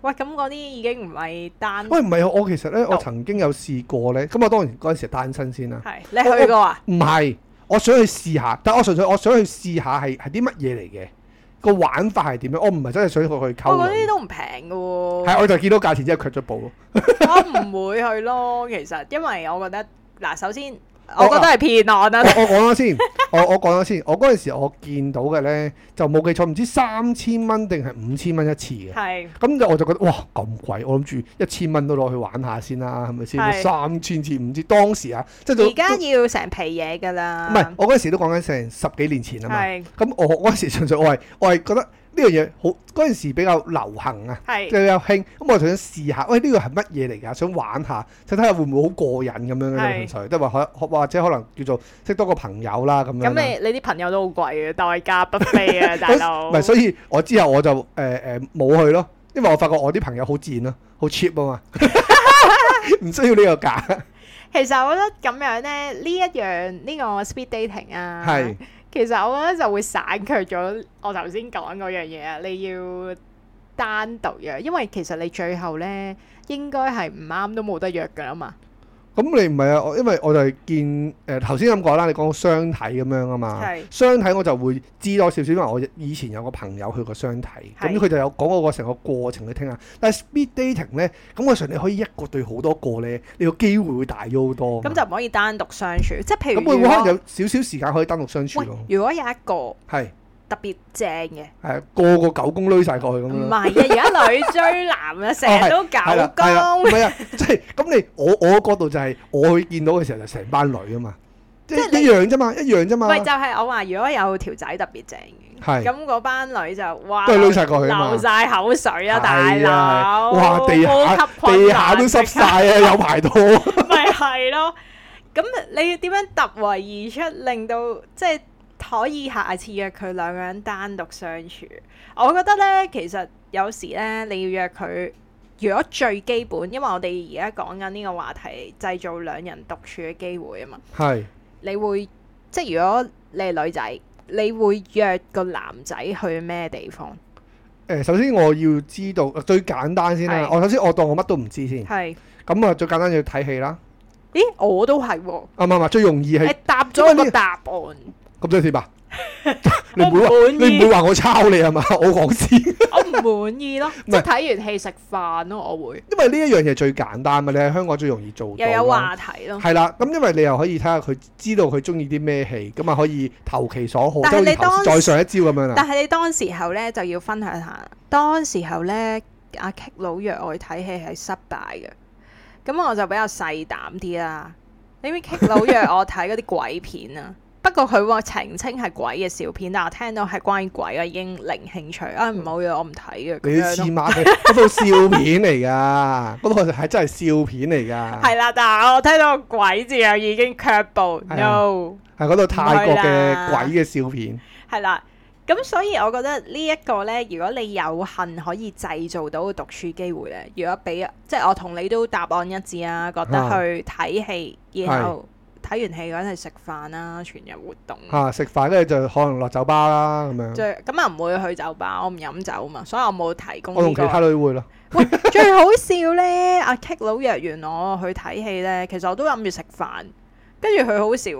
喂，咁嗰啲已經唔係單。喂，唔係我其實咧，我曾經有試過咧。咁我當然嗰陣時係單身先啦。係，你去過啊？唔係，我想去試下，但我純粹我想去試下係係啲乜嘢嚟嘅。個玩法係點樣？我唔係真係想佢去溝。我覺得呢啲都唔平㗎喎。係，我就見到價錢之後卻咗步咯。 我唔會去咯，其實因為我覺得嗱，首先。我覺得係騙案啊！我講咗先，我我講咗先。 我嗰陣時我見到嘅咧就冇記錯，唔知三千蚊定係五千蚊一次嘅。係是。咁就我就覺得哇咁貴，我諗住一千蚊都攞去玩下先啦，啊，係咪先？三千次唔知當時啊，即係。而家要成皮嘢嘅啦。唔係，我嗰陣時都講緊成十幾年前啊嘛。係是。咁我嗰陣時純粹我係我係覺得。呢樣嘢好，嗰陣時比較流行啊，比較興，咁、嗯、我就想試下，喂、欸，呢個係乜嘢嚟噶？想玩下，睇睇下會唔會好過癮咁是樣咧？純粹都話可或者可能叫做識多個朋友啦咁樣。咁你你啲朋友都好貴嘅，代價不菲啊，大佬。唔係， 所以我之後我就誒誒冇去咯，因為我發覺我啲朋友好賤啊，好 cheap 啊嘛，唔 需要呢個價。其實我覺得咁樣咧，呢一樣呢、這個 speed dating 啊，係。其實我覺得就會省卻咗我頭先講嗰樣嘢啊！你要單獨約，因為其實你最後呢應該係唔啱都冇得約㗎啦嘛。咁、嗯、你唔係啊，我因為我就係見誒頭先咁講啦，你講相睇咁樣啊嘛，是相睇我就會知多少少，因為我以前有個朋友去過相睇，咁佢是、嗯、就有講過個成個過程你聽下。但係 speed dating 咧，咁我相信你可以一個對好多個咧，你個機會會大咗好多。咁就唔可以單獨相處，即係譬如咁、嗯，會唔會可能有少少時間可以單獨相處？如果有一個係。特別正嘅，係啊，個個狗公攞晒過去咁樣。唔係啊，而家女追男啊，成日都狗公。唔係啊，即係咁你我我角度就係，我去見到嘅時候就成班女啊嘛，即係一樣啫嘛，一樣啫嘛。唔係，就係我話，如果有條仔特別正嘅，係咁嗰班女就哇，都係攞晒過去嘛，流晒口水啊大佬，哇地下地下都濕晒啊，有排拖。咪係咯，咁啊你要點樣突圍而出，令到即係？可以下次約佢兩個人單獨相處。我覺得呢，其實有時呢，你要約佢，如果最基本，因為我哋而家講緊呢個話題，製造兩人獨處嘅機會啊嘛。係是。你會即係如果你係女仔，你會約個男仔去咩地方？誒、欸，首先我要知道最簡單先啦。是我首先我當我乜都唔知先。係是。咁啊，最簡單要睇戲啦。咦，我都係喎。唔係唔係，最容易係你答咗個答案。咁多錢吧？ 你唔會，你唔會話我抄你係嘛？我講先我滿，我唔滿意咯。即係睇完戲食飯咯，我會。因為呢一樣嘢最簡單嘅，你香港最容易做又有話題咯。係啦，咁因為你又可以睇下佢，知道佢中意啲咩戲，咁啊可以投其所好。但係你當時再上一招咁樣啦。但係你當時候咧就要分享下，當時候咧阿 kick 佬約我睇戲係失敗嘅。咁我就比較細膽啲啦。你咪 kick 佬約我睇嗰啲鬼片啊？ 不過佢話澄清係鬼嘅笑片，但我聽到係關於鬼啊，已經零興趣啊，唔、哎、好嘢，我唔睇嘅。你黐孖嘅嗰部笑片嚟噶。嗰 部係真係笑片嚟噶。係啦，但係我聽到鬼字啊，已經卻步、哎、呦 no。係嗰套泰國嘅鬼嘅笑片。係啦，咁所以我覺得呢一個呢，如果你有幸可以製造到個獨處機會呢，如果俾即係我同你都答案一致啊，嗯、覺得去睇戲，然後的。睇完戲嗰陣係食飯啦、啊，全日活動。嚇食、啊、飯，跟住就可能落酒吧啦，咁樣。咁又唔會去酒吧，我唔飲酒嘛，所以我冇提供、這個。我同其他女會咯。喂， 最好笑呢。阿 K 佬約完我去睇戲呢，其實我都諗住食飯，跟住佢好笑，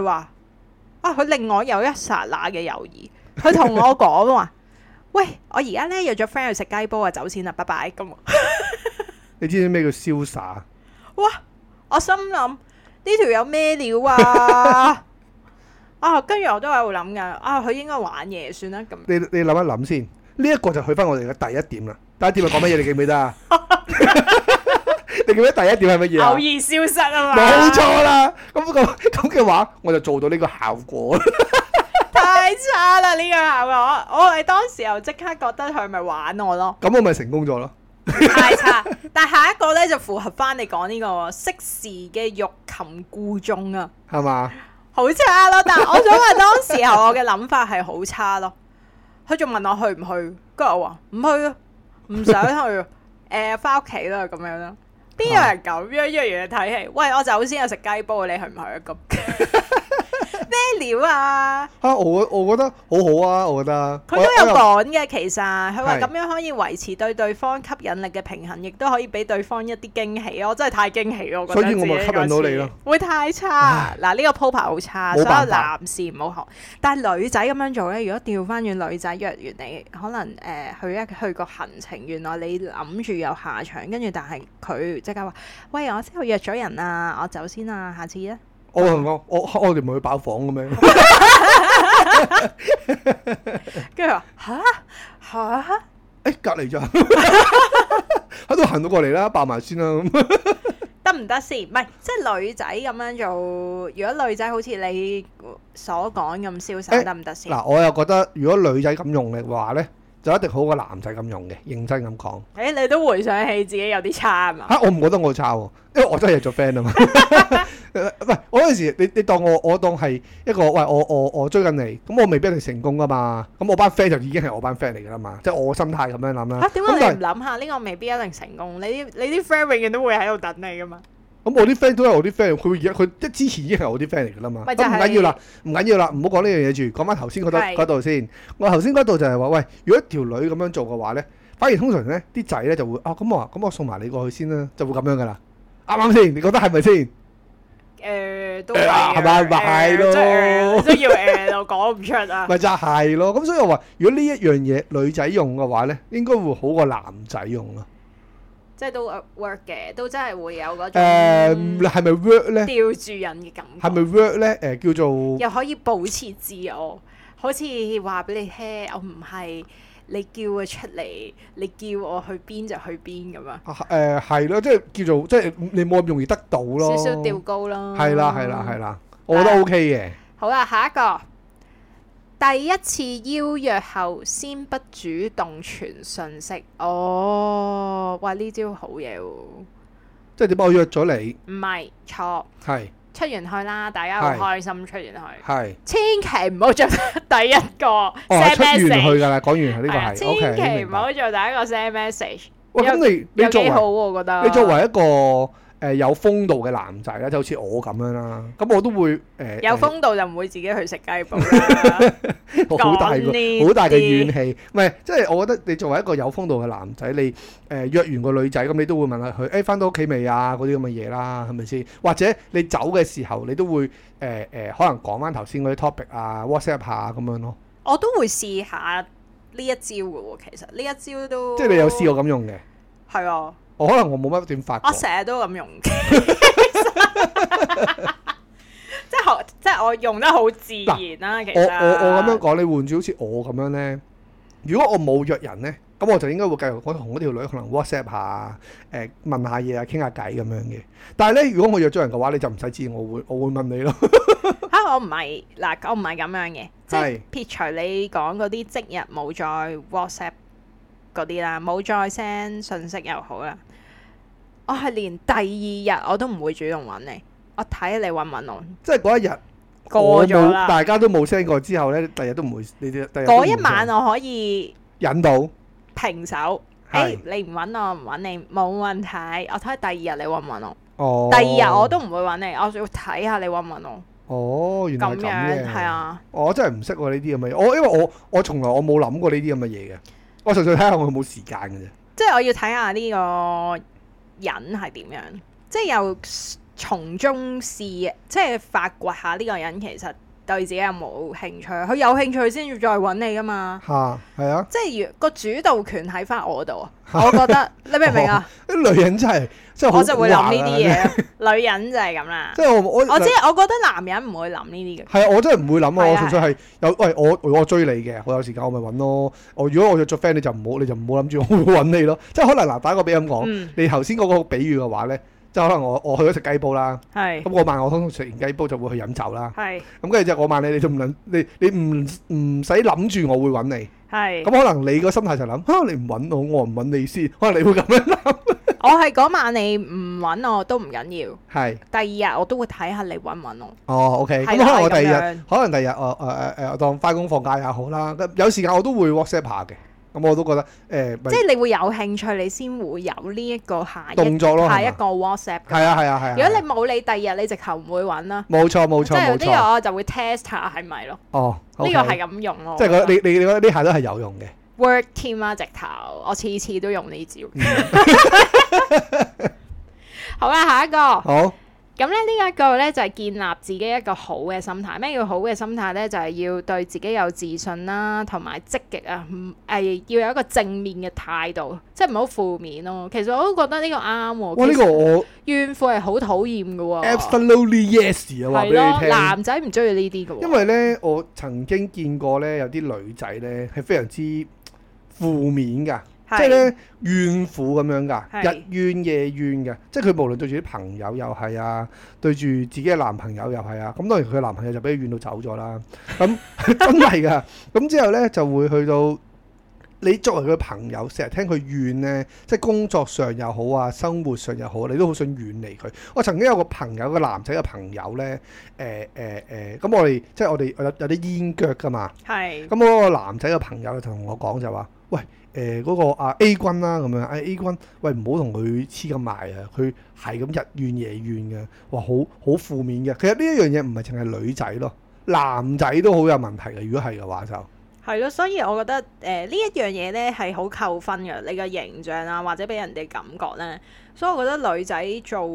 佢話：啊，佢令我有一剎那嘅猶豫，佢同我講話， 喂，我而家呢約咗 friend 去食雞煲啊，先走先啦，拜拜咁。 你知唔知咩叫瀟灑？ 哇！我心諗。呢條有咩料啊？啊，跟住我都喺度諗緊，啊，佢應該玩嘢，算啦咁。你你諗一諗先，呢一個就去翻我哋嘅第一點啦。第一點係講乜嘢？你記唔記得啊？ 你記，記得第一點係乜嘢？偶爾消失啊嘛。冇錯啦。咁個咁嘅話，我就做到呢個效果。 太差啦！呢個效果，我係當時候即刻覺得佢係咪玩我咯。咁我咪成功咗咯。係啊， 但下一個呢就符合翻你講呢、這個適時嘅欲擒故縱啊，係嘛吧？好 差咯，但係我想話當時候我嘅諗法係好差咯。佢仲問我去唔去，跟住我話唔去，啊，唔想去，誒、 呃，翻屋企啦咁樣啦。邊有人咁樣約人嘢睇戲？喂，我走先，我食雞煲，你去唔去啊？咁。 咩料啊？啊，我我覺得好好啊，我覺得佢都有講嘅，哎、呀其實佢話咁樣可以維持對對方吸引力嘅平衡，亦都是可以俾對方一啲驚喜，我真係太驚喜咯，我覺得所以我咪吸引到你咯。會太差。嗱，呢唉個鋪排好差，唉所有男士唔好學。但係女仔咁樣做呢，如果調翻轉女仔約完你，可能誒佢、呃、一去個行程，原來你諗住有下場，跟住但係佢即刻話：喂，我之後約咗人啊，我先走先啊，下次咧。我同我我我哋唔係去爆房嘅咩？跟住話嚇嚇，誒隔離咋？喺 度行到過嚟啦，爆埋先啦。得唔得先？唔係即係女仔咁樣做。如果女仔好似你所講咁瀟灑，得唔得先？嗱、哎，我又覺得如果女仔咁用力嘅話咧。就一定好過男仔咁用嘅，認真咁講。誒，你都回想起自己有啲差啊嘛？嚇，我唔覺得我差喎，因為我真係做 friend 啊嘛。喂， 我嗰陣時，你你當我我當係一個，喂，我我我追緊你，咁我未必一定成功噶嘛。咁我班 friend 就已經係我班 friend 嚟噶啦嘛，即係我心態咁樣諗啦。嚇，點解你唔諗下呢個未必一定成功，你你啲 friend 永遠都會喺度等你噶嘛。咁 我啲 friend 都係我啲 friend，佢佢即之前已經係我啲 friend 嚟噶啦嘛，咁唔、就是啊、緊要啦，唔緊要啦，唔好講呢樣嘢住，講翻頭先嗰度先。我頭先嗰度就係話，喂，如果條女咁樣做嘅話咧，反而通常咧啲仔咧就會啊，咁我咁我送埋你過去先啦，就會咁樣噶啦，啱唔啱先？你覺得係咪先？誒、呃，都係，係咪係咯？真要誒，我講唔出啊。咪 就係、是、咯，咁、呃 就是、所以我話，如果呢一樣嘢女仔用嘅話咧，應該會好過男仔用咯。即係都 work 嘅，都真係會有嗰種誒係咪 work 咧？吊住人嘅感覺係咪 work 咧？誒、呃、叫做又可以保持自我，好似話俾你聽，我唔係你叫佢出嚟，你叫我去邊就去邊咁樣！誒係咯，即係叫做即係你冇咁容易得到咯，少少吊高咯，係啦係啦係啦，我覺得 OK 嘅、啊。好啦、啊，下一個。第一次邀約後先不主動傳訊息哦，哇，呢招好嘢喎！即係點解我約咗你？唔係錯，係出完去啦，大家好開心，出完去，係千祈唔好着第一個 send message 噶啦。講完呢個係千祈唔好做第一個 send message。哇，咁你你幾好我覺得？你作為一個。誒有風度嘅男仔咧，就好似我咁樣啦。咁我都會誒。呃、有風度就唔會自己去食雞煲。講呢好大嘅怨氣，唔係即係我覺得你作為一個有風度嘅男仔，你誒、呃、約完個女仔，咁你都會問下佢誒翻到屋企未啊？嗰啲咁嘅嘢啦，係咪先？或者你走嘅時候，你都會誒誒、呃，可能講翻頭先嗰啲 topic 啊，WhatsApp 下咁樣咯。我都會試下呢一招嘅喎，其實呢一招都即係你有試過咁用嘅？係啊。我可能我冇乜點發覺。我成日都咁用，即係即係我用得好自然啦，啊。其實我我我咁樣講，你換住好似我咁樣咧，如果我冇約人咧，咁我就應該會繼續我同嗰條女可能 WhatsApp 下，誒、呃、問下嘢啊，傾下偈咁樣嘅。但係咧，如果我約咗人嘅話，你就唔使知我會我會問你咯。吓，我唔係嗱，我唔係咁樣嘅，即係撇除你講嗰啲即日冇再 WhatsApp。嗰啲啦，冇再 send 信息，又好啦，我係連第二日我都唔會主動揾你，我睇下你揾唔揾我。即係嗰一日過咗了，大家都冇 send 過之後呢，第二日都唔會呢啲。嗰一晚我可以引到導平手。誒是、欸，你唔揾我，我唔揾你冇問題。我睇下第二日你揾唔揾我。哦。第二日我都唔會揾你，我要睇下你揾唔揾我。哦，原來咁樣係啊、哦。我真係唔識呢啲咁嘅嘢。我因為我我從來我冇諗過呢啲咁嘅嘢嘅。我純粹睇下我冇時間嘅啫，即係我要睇下呢個人係點樣，即係又從中試，即係發掘下呢個人其實對自己有冇興趣？佢有興趣先要再揾你噶嘛嚇，啊！啊，即係如個主導權喺翻我度啊，我覺得 你明唔明啊？啲女人真係真係，啊、我就會諗呢啲嘢， 女人就係咁啦。即係我我，我， 我覺得男人唔會諗呢啲嘅。係啊，我真係唔會諗啊！啊我純粹係有，喂我我追你嘅，我有時間我咪揾咯。我如果我約咗 friend，你就唔好你就唔好諗住我會揾你咯。即係可能嗱，打個比咁講，你頭先嗰個比喻嘅話，話呢。即係可能我我去咗食雞煲啦，咁是嗰晚我通通食完雞煲就會去飲酒啦。咁跟住就嗰晚咧，你唔能你你唔唔使諗住我會揾你。咁是、嗯、可能你個心態就諗嚇、啊，你唔揾我，我唔揾你先，可能你會咁樣諗。 我係嗰晚你唔揾我都唔緊要。係是。第二日我都會睇下你揾唔揾我。哦，OK 啦。咁、嗯、可能我第二日，可能第二日，誒誒誒，呃、當翻工放假也好啦，有時間我都會 WhatsApp 下嘅。咁、嗯、我都覺得誒，欸、即係你會有興趣，你先會有呢一個下一個動作咯，下一個 WhatsApp。係啊係啊係啊！啊啊如果你冇，你第二日你直頭唔會揾啦。冇錯冇錯，即係呢個我就會 test 下係咪咯。哦，呢個係咁用咯。okay 即係你你你覺得呢下都係有用嘅。Work team 啊，直頭我次次都用呢招。好啦，下一個。好。咁咧呢一個咧就係建立自己一個好嘅心態。咩叫好嘅心態咧？就係要對自己有自信啦，同埋積極啊，唔誒要有一個正面嘅態度，即係唔好負面咯。其實我都覺得呢個啱。哇！呢個我怨婦係好討厭噶。Absolutely yes 啊，話俾你聽。男仔唔中意呢啲噶。因為咧，我曾經見過咧，有啲女仔咧係非常之負面噶。即係咧怨婦咁樣噶，是日怨夜怨嘅，即係佢無論對住啲朋友又係啊，對住自己嘅男朋友又係啊。咁當然佢嘅男朋友就俾佢怨到走咗啦。咁、 嗯、真係噶。咁、嗯、之後咧就會去到你作為佢嘅朋友，成日聽佢怨咧，即、就、係、是、工作上又好啊，生活上又好，你都好想遠離佢。我曾經有個朋友嘅男仔嘅朋友咧，誒誒誒，咁、呃呃嗯、我哋即係我哋有啲煙腳噶嘛，係咁嗰個男仔嘅朋友就同我講就話：，喂。誒嗰、呃嗰個啊 A 君啦、啊、咁樣，啊 A 君，喂唔好同佢黐咁埋啊！佢係咁日怨夜怨嘅，話好好負面嘅。其實呢一樣嘢唔係淨係女仔咯，男仔都好有問題嘅。如果係嘅話就。係咯，所以我覺得誒呢、呃、一樣嘢咧係好扣分嘅，你個形象啊或者俾人哋感覺咧，所以我覺得女仔做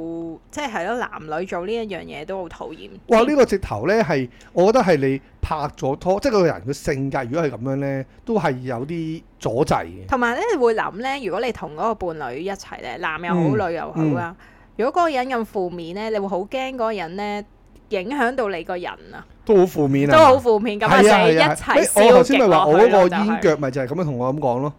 即係係咯，男女做呢一樣嘢都好討厭。哇！呢、這個直頭咧係，我覺得係你拍咗拖，即係個人嘅性格，如果係咁樣咧，都係有啲阻滯嘅。同埋咧你會諗咧，如果你同嗰個伴侶一齊咧，男又好，女又好啊。嗯嗯、如果嗰個人咁負面咧，你會好驚嗰個人咧。影響到你個人啊，都好負面啊，都好負面咁啊，就一齊消極落去。我頭先咪話我嗰個煙腳咪就係咁樣同我咁講咯，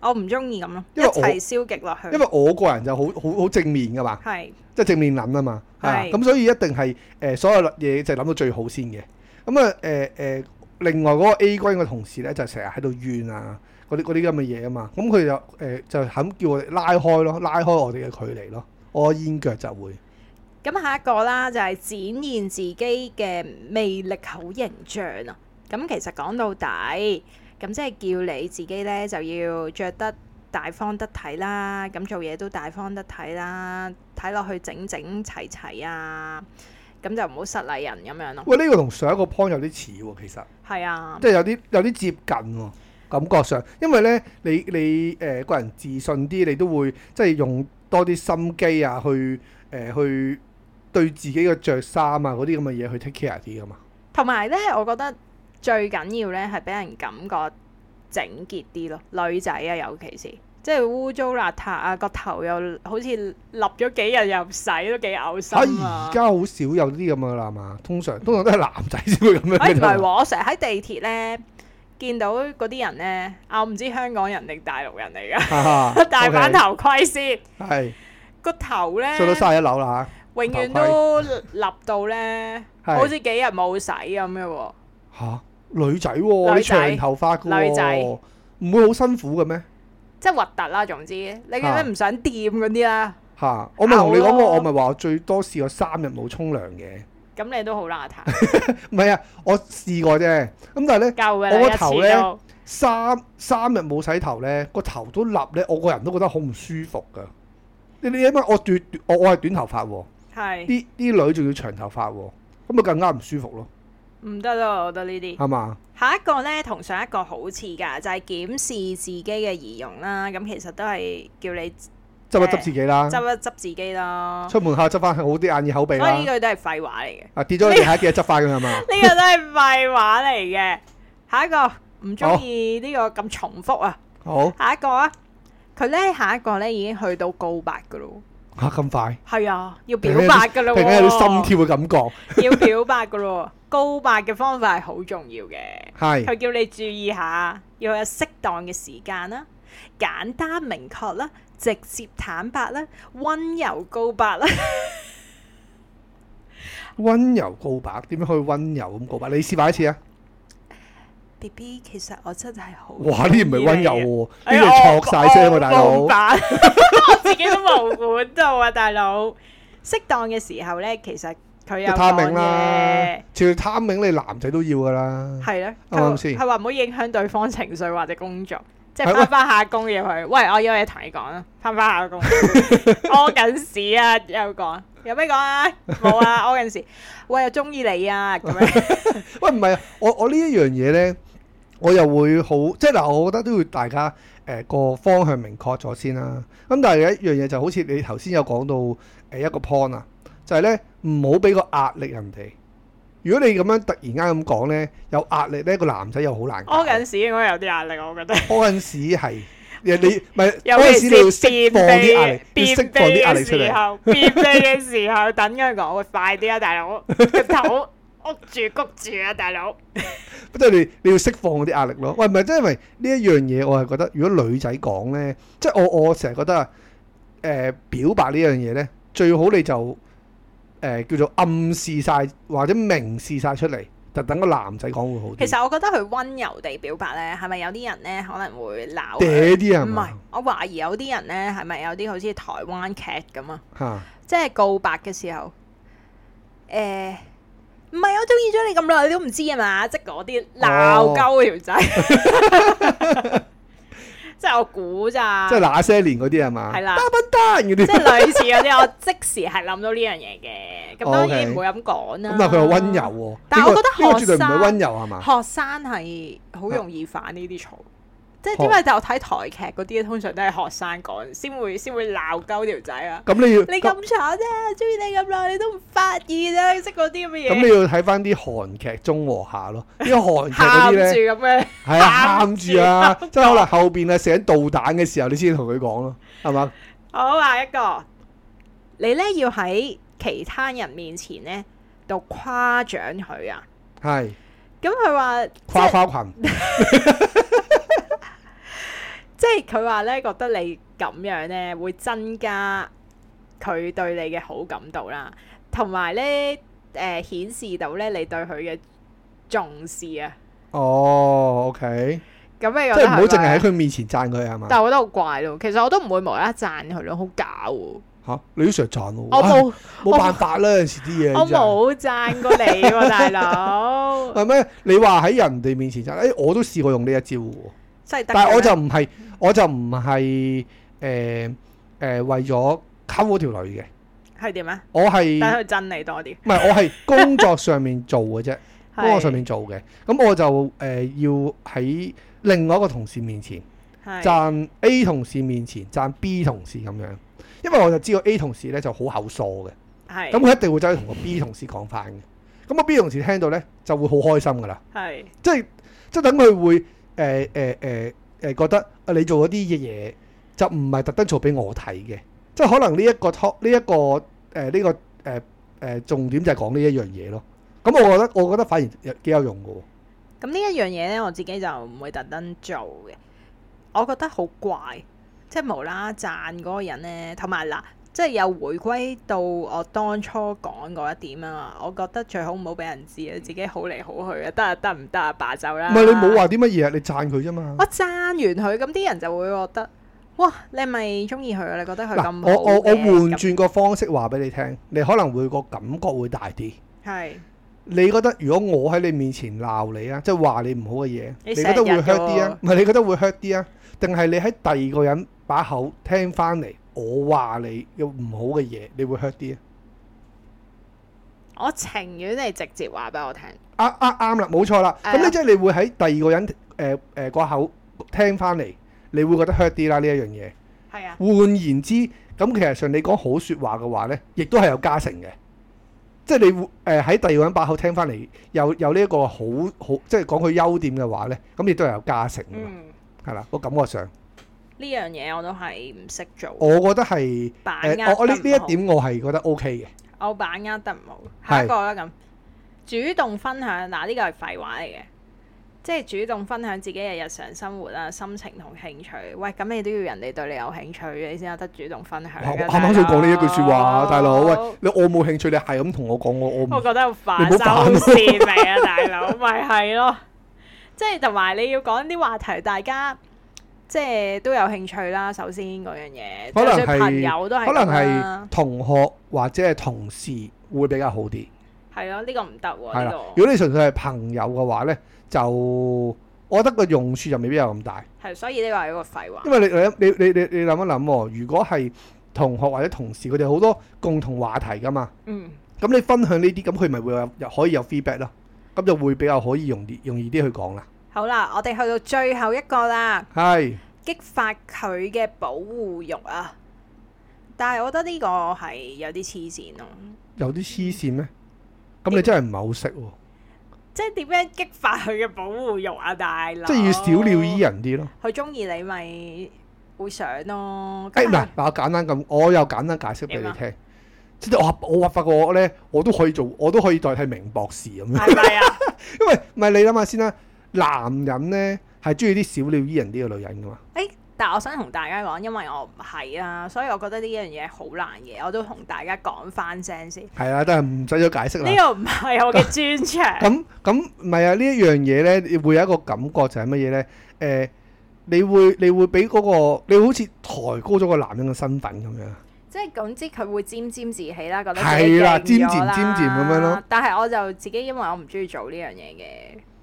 我唔中意咁咯，一齊消極落去。因為我個人就好好好正面噶嘛，係即係正面諗啊嘛，係咁是所以一定係誒、呃、所有嘢就諗到最好先嘅。咁啊誒誒，另外嗰個 A 君嘅同事咧就成日喺度怨啊，嗰啲嗰啲咁嘅嘢啊嘛，咁佢就誒、呃、就肯叫我哋拉開咯，拉開我哋嘅距離咯，我煙腳就會。咁下一個啦，就係展現自己嘅魅力好形象啊！咁其實講到底，咁即係叫你自己呢，就要着得大方得體啦，咁做嘢都大方得體啦，睇落去整整齊齊啊，咁就唔好失禮人咁樣咯。喂，呢個同上一個 point 有啲似喎，其實係是啊即，即係有啲有啲接近喎，感覺上，因為呢，你你誒、呃、個人自信啲，你都會即係用多啲心機啊，去、呃、去。對自己嘅着衫啊，嗰啲咁嘅嘢去 take care 啲㗎嘛。同埋咧，我覺得最緊要咧係俾人感覺整潔啲咯。女仔啊，尤其是，尤其是即係污糟邋遢啊，個頭又好似立咗幾日又唔洗，都幾嘔心。而家好少有啲咁嘅啦嘛。通常通、欸、常都係男仔先會咁樣。唔係，我成日喺地鐵咧見到嗰啲人咧，我唔知香港人定大陸人嚟嘅，啊、哈 大板頭盔先，個頭咧，上到三十一樓啦永遠都立到咧，好似幾日冇洗咁嘅喎。女仔喎，你長頭髮嘅喎，唔會好辛苦嘅咩？即係核突啦，總之你點解唔想掂嗰啲啦？嚇，我咪同你講過，我咪話最多試過三日冇沖涼嘅。咁你都好邋遢。唔係啊，我試過啫。咁但係咧，我個頭咧三三日冇洗頭咧，個頭都立咧，我個人都覺得好唔舒服㗎。你你因為我短我我係短頭髮喎？係，啲啲女仲要長頭髮喎，咁咪更加唔舒服咯。唔得咯，我覺得呢啲係嘛。下一個呢，同上一個好似噶，就係檢視自己嘅儀容啦。咁其實都係叫你執一執自己啦，執一執自己咯。出門口執翻好啲眼耳口鼻啦。呢個都係廢話嚟嘅。跌咗你第一件執翻噶嘛？呢個都係廢話嚟嘅。下一個唔中意呢個咁重複啊。好，下一個啊，佢呢，下一個呢已經去到告白噶咯。吓咁、啊、快？係啊，要表白噶啦，定係啲心跳嘅感覺？要表白噶啦，告 白嘅方法係好重要嘅。係佢是叫你注意下，要有適當嘅時間啦，簡單明確啦，直接坦白啦，溫柔告白啦。溫 柔告白？點樣可以溫柔咁告白？你試埋一次啊！B B，其實我真係好哇，呢唔係温柔喎，呢度錯晒聲喎，大佬。我自己都冇管道啊，大佬。適當嘅時候咧，其實佢有。又啦，嘢，要貪名你男仔都要噶啦。係咧，係咪先？係話唔好影響對方情緒或者工作，即係翻翻下工要佢。喂，我有嘢同你講啊，翻翻下工。屙緊屎啊，又講？有咩講啊？冇啊，屙緊屎。喂，又中意你啊，咁樣。喂，唔係啊，我我呢一樣嘢咧。我又會好，即係嗱，我覺得都要大家誒、呃、個方向明確咗先啦。咁但係有一樣嘢就好似你頭先有講到誒一個 point 啊，就係咧唔好俾個壓力人哋。如果你咁樣突然間咁講咧，有壓力咧，個男仔又好難。屙緊屎，應該有啲壓力，我覺得。屙緊屎係，你唔係屙緊屎你要釋放啲壓力，要釋放啲壓力出嚟。便便嘅時候，等緊講會快啲啊！大佬，我頭。谷住谷住啊，大佬！即係你你要釋放嗰啲壓力咯。喂，唔係，即係因為呢一樣嘢，我係覺得如果女仔講呢，即係我我成日覺得啊，誒、呃，表白呢樣嘢呢，最好你就、呃、叫做暗示晒或者明示晒出嚟，就等個男仔講會好啲。其實我覺得佢溫柔地表白呢，係咪有啲人呢可能會鬧？啲啊，唔係，我懷疑有啲人呢，係咪有啲好似台灣劇咁啊？哈即係告白嘅時候，欸唔係我中意咗你咁耐，你都唔知啊嘛！即係嗰啲鬧鳩條仔，即係我估咋，即係那些年嗰啲係嘛？係啦，得不得？即係類似嗰啲， 我即時係諗到呢樣嘢嘅，咁當然唔會咁講啦。咁但佢又溫柔喎，但係、啊、我覺得呢個絕對唔係溫柔係嘛？學生係好容易犯呢啲錯。即係點解就睇台劇嗰啲，通常都係學生講，先會先會鬧鳩條仔啊！咁那你要你咁慘啫，中意你咁耐，你都唔發現咧、啊，識嗰啲咁嘅嘢。咁你要睇翻啲韓劇中和下咯，啲韓劇嗰啲咧，喊住咁嘅，喊住啊！啊即係可能後邊啊，寫導彈嘅時候，你先同佢講咯，係嘛？好啊，一個你咧要喺其他人面前咧，度誇獎佢啊，係咁佢話誇誇群。即係佢話咧，覺得你咁樣咧會增加佢對你嘅好感度啦，同埋咧誒顯示到咧你對佢嘅重視啊。哦，OK。咁啊、嗯，即係唔好淨係喺佢面前讚佢啊嘛。吧但係我覺得好怪咯，其實我都唔會無啦啦讚佢咯，好假喎。吓，你都想讚我？我冇冇辦法咧，有陣時啲嘢。我冇讚過你喎，大佬。係咩？你話喺人哋面前讚，誒，我都試過用呢一招。但係我就唔係。 我就唔係，誒誒，為咗溝嗰條女嘅係點啊？我係是等佢讚你多啲，唔係，我係工作上面做嘅啫。 是 工作上面做嘅咁，我就誒、呃、要喺另外一個同事面前讚是 A 同事面前讚 B 同事咁樣，因為我就知道 A 同事咧就好口疏嘅，係咁佢一定會走去同個 B 同事講翻嘅。咁個 B 同事聽到咧就會好開心噶啦，係即係即係等佢會誒誒誒誒覺得。你做嗰啲嘢就唔係特登做俾我睇嘅，即係可能呢、這、一個 talk 呢一個誒呢、呃這個誒誒、呃呃、重點就係講呢一樣嘢咯。咁、嗯、我覺得我覺得反而有幾有用嘅。咁呢一樣嘢咧，我自己就唔會特登做嘅。我覺得好怪，即係無啦讚嗰個人咧，同埋嗱。即係又回歸到我當初講嗰一點啊！我覺得最好唔好俾人知啊，自己好嚟好去啊，得啊得唔得啊，罷就啦。唔係你冇話啲乜嘢，你讚佢啫嘛。我讚完佢，咁啲人就會覺得，哇！你係咪中意佢啊？你覺得佢咁好嘅。我我我換轉個方式話俾你聽，你可能會個感覺會大啲。係。你覺得如果我喺你面前鬧你啊，即係話你唔好嘅嘢，你覺得會 hurt 啲啊？唔係你覺得會 hurt 啲啊？定係你喺第二個人把口聽翻嚟？我話你有唔好嘅嘢，你會 hurt 啲啊？我情願你直接話俾我聽啊。啱啱啱啦，冇錯啦。咁、uh, 你即係你會喺第二個人誒誒個口聽翻嚟，你會覺得 hurt 啲啦，呢一樣嘢。係啊。換言之，咁其實上你講好說話嘅話呢，亦都係有加成嘅。即係你會誒喺第二個人把口聽翻嚟，有有呢一個好好即係講佢優點嘅話呢，咁亦都係有加成。嗯、uh,。係啦，個感覺上。呢樣嘢，我都係唔識做，我覺得係把握、呃，我我呢呢一點我係覺得 O K 嘅。我把握得唔好，下一個咧咁，是主動分享嗱呢、啊呢個係廢話嚟嘅，即係主動分享自己嘅日常生活啊、心情同興趣。喂，咁你都要人哋對你有興趣，你先有得主動分享。啱啱想講呢一句說話，哦、大佬喂，你我冇興趣，你係咁同我講，我我覺得好煩啊大佬。咪係咯，即係同埋你要講啲話題，大家。即係都有興趣啦。首先嗰樣嘢，就算朋友都係啦。可能係同學或者係同事會比較好啲。係咯，呢個唔得喎。係啦，呢個、如果你純粹係朋友嘅話咧，就我覺得個用處就未必有咁大。係，所以呢個係一個廢話。因為你你你你你你諗一諗啊，如果係同學或者同事，佢哋好多共同話題噶嘛。嗯。咁你分享呢啲，咁佢咪會有可以有 feedback 咯。咁就會比較可以容易容易啲去講啦。好啦，我哋去到最後一個啦，是激發佢嘅保護欲啊！但係我覺得呢個係有啲黐線咯，有啲黐線咩？咁你真係唔係好識喎，即係點樣激發佢嘅保護欲啊？大佬，即係要小鳥依人啲咯，佢中意你咪會想咯。誒唔係，我簡單咁，我又簡單解釋俾你聽，啊、即係我我話發覺我咧，我都可以做，我都可以代替明博士咁樣，係咪啊？ 因為咪你諗下先啦。男人呢係中意啲小尿依人啲嘅女人噶嘛？誒、欸，但係我想同大家講，因為我唔係啊，所以我覺得呢一樣嘢好難嘅，我都同大家講翻聲先。係啊，都係唔使咗解釋啦。呢個唔係我嘅專長。咁咁唔係啊？呢一樣嘢呢會有一個感覺就係乜嘢呢？誒、呃，你會你會俾嗰、那個你好似抬高咗個男人嘅身份咁樣。即係總之佢會沾沾自喜啦，覺得你贏咗啦，咁、啊、樣咯。但係我就自己，因為我唔中意做呢樣嘢嘅。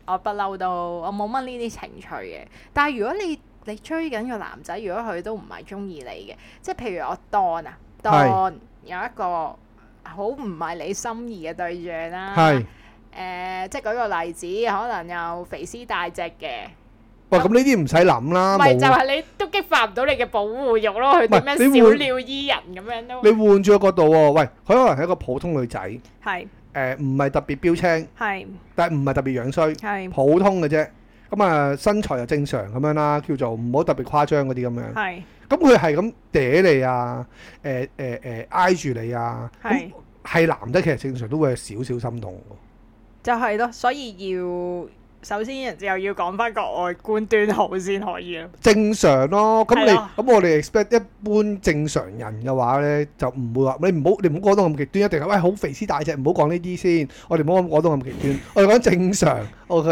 我不嬲都，我冇乜呢啲情趣嘅。但係如果你你追緊個男仔，如果佢都唔係中意你嘅，即係譬如我當啊，當有一個好唔係你心意嘅對象啦。係。誒，即係舉個例子，可能有肥屍大隻嘅。喂！咁呢啲唔使諗啦。唔係就係你都激發唔到你嘅保護欲咯。佢點樣小鳥依人咁樣都？你換咗個角度喎，喂，佢可能係一個普通女仔。係。誒唔係特別標青，係是，但係唔係特別樣衰，係是普通嘅啫。咁、嗯、啊身材又正常咁樣啦，叫做唔好特別誇張嗰啲咁樣。係是，咁佢係咁嗲你啊，誒誒誒挨住你啊，咁係是、嗯、男的其實正常都會有少少心痛。就係咯，所以要。首先，又要講翻個外觀端好先可以正常咯，咁你咁是的 我哋 expect 一般正常人嘅話呢，就唔會話你唔好你唔好講得咁極端，一定係喂，好肥屍大隻，唔好講呢啲先。我哋唔好咁講得咁極端， 我哋講正常。O K，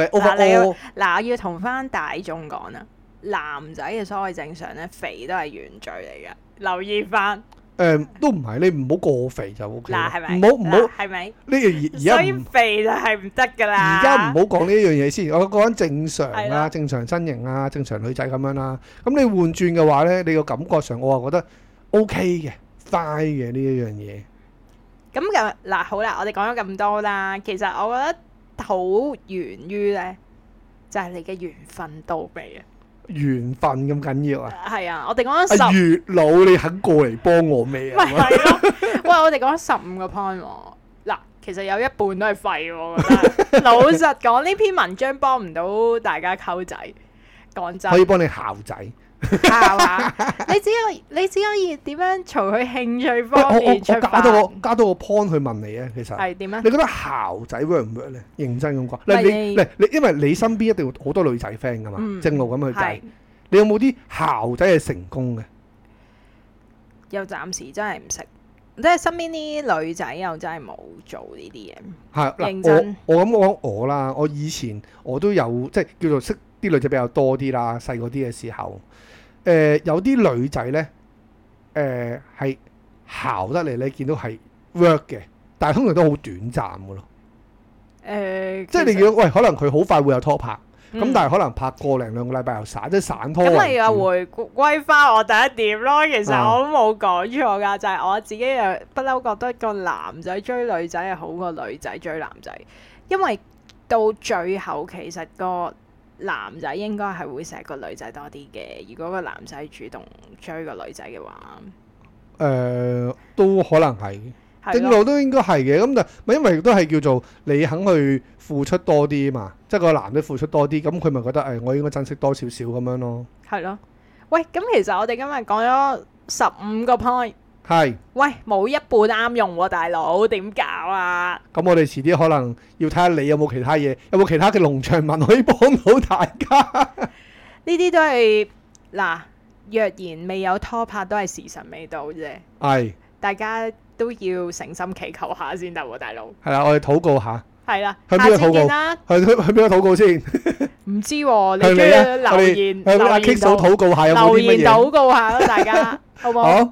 嗱，我要同翻大眾講啦，男仔嘅所謂正常呢，肥都係原罪嚟嘅，留意翻。誒，都唔係，你唔好過肥就 O K，係咪？唔好唔好，係咪？呢，而而家所以肥就係唔得噶啦。而家唔好講呢一樣嘢先，我講正常啊，正常身形啊，正常女仔咁樣啦。咁你換轉嘅話咧，你個感覺上我係覺得 O K 嘅，快嘅呢一樣嘢。咁就嗱好啦，我哋講咗咁多啦，其實我覺得好源於咧，就係你嘅緣分到嚟啊。緣分咁緊要啊！係啊，我哋講十越、啊、月老你肯過嚟幫我咩？係咯，喂，我哋講咗十五個 point 嗱，其實有一半都係廢，我覺得。 老實講，呢篇文章幫唔到大家溝仔。講真，可以幫你姣仔。 你只可以，你只可以點樣嘈佢興趣方面出、欸我我我加到我？加多個，加多個 point 去問你咧。其實係點咧？啊、你覺得姣仔 work 唔 work 咧？認真咁講，嗱、嗯、你，你，因為你身邊一定好多女仔 friend 噶嘛。正路咁去計，你有冇啲姣仔係成功嘅？又暫時真係唔識，即係身邊啲女仔又真係冇做呢啲嘢。係，認真。嗯、 我咁講我，我，我，我啦，我以前我都有即係叫做識啲女仔比較多啲啦，細個啲嘅時候。誒有啲女仔咧，誒係姣得嚟咧，見到係 work 嘅，但係通常都好短暫噶咯。誒，即係你要喂，可能佢好快會有拖拍，咁但係可能拍個零兩個禮拜又散，即係散拖。咁你又回歸翻我第一點咯，其實我都冇講錯噶，就係我自己又不嬲覺得個男仔追女仔係好過女仔追男仔，因為到最後其實個。男仔應該係會錫個女仔多啲嘅，如果個男仔主動追個女仔嘅話，誒、呃、都可能係，的正路都應該係嘅。咁就咪因為都係叫做你肯去付出多啲啊嘛，即、就、係、是、個男都付出多啲，咁佢咪覺得誒、哎、我應該珍惜多少少咁樣咯。係咯，喂，咁其實我哋今日講咗十五個 point。係，喂，冇一半啱用，大佬，點搞啊？咁我哋遲啲可能要睇下你有冇其他嘢，有冇其他嘅農場文可以幫到大家？呢啲都係嗱，若然未有拖拍，都係時辰未到啫。係，大家都要誠心祈求下先得，大佬。係啦，我哋禱告下。係啦，去邊度禱告啊？去去去邊度禱告先？唔知你跟住留言，留言禱告下，留言禱告下啦，大家好唔好？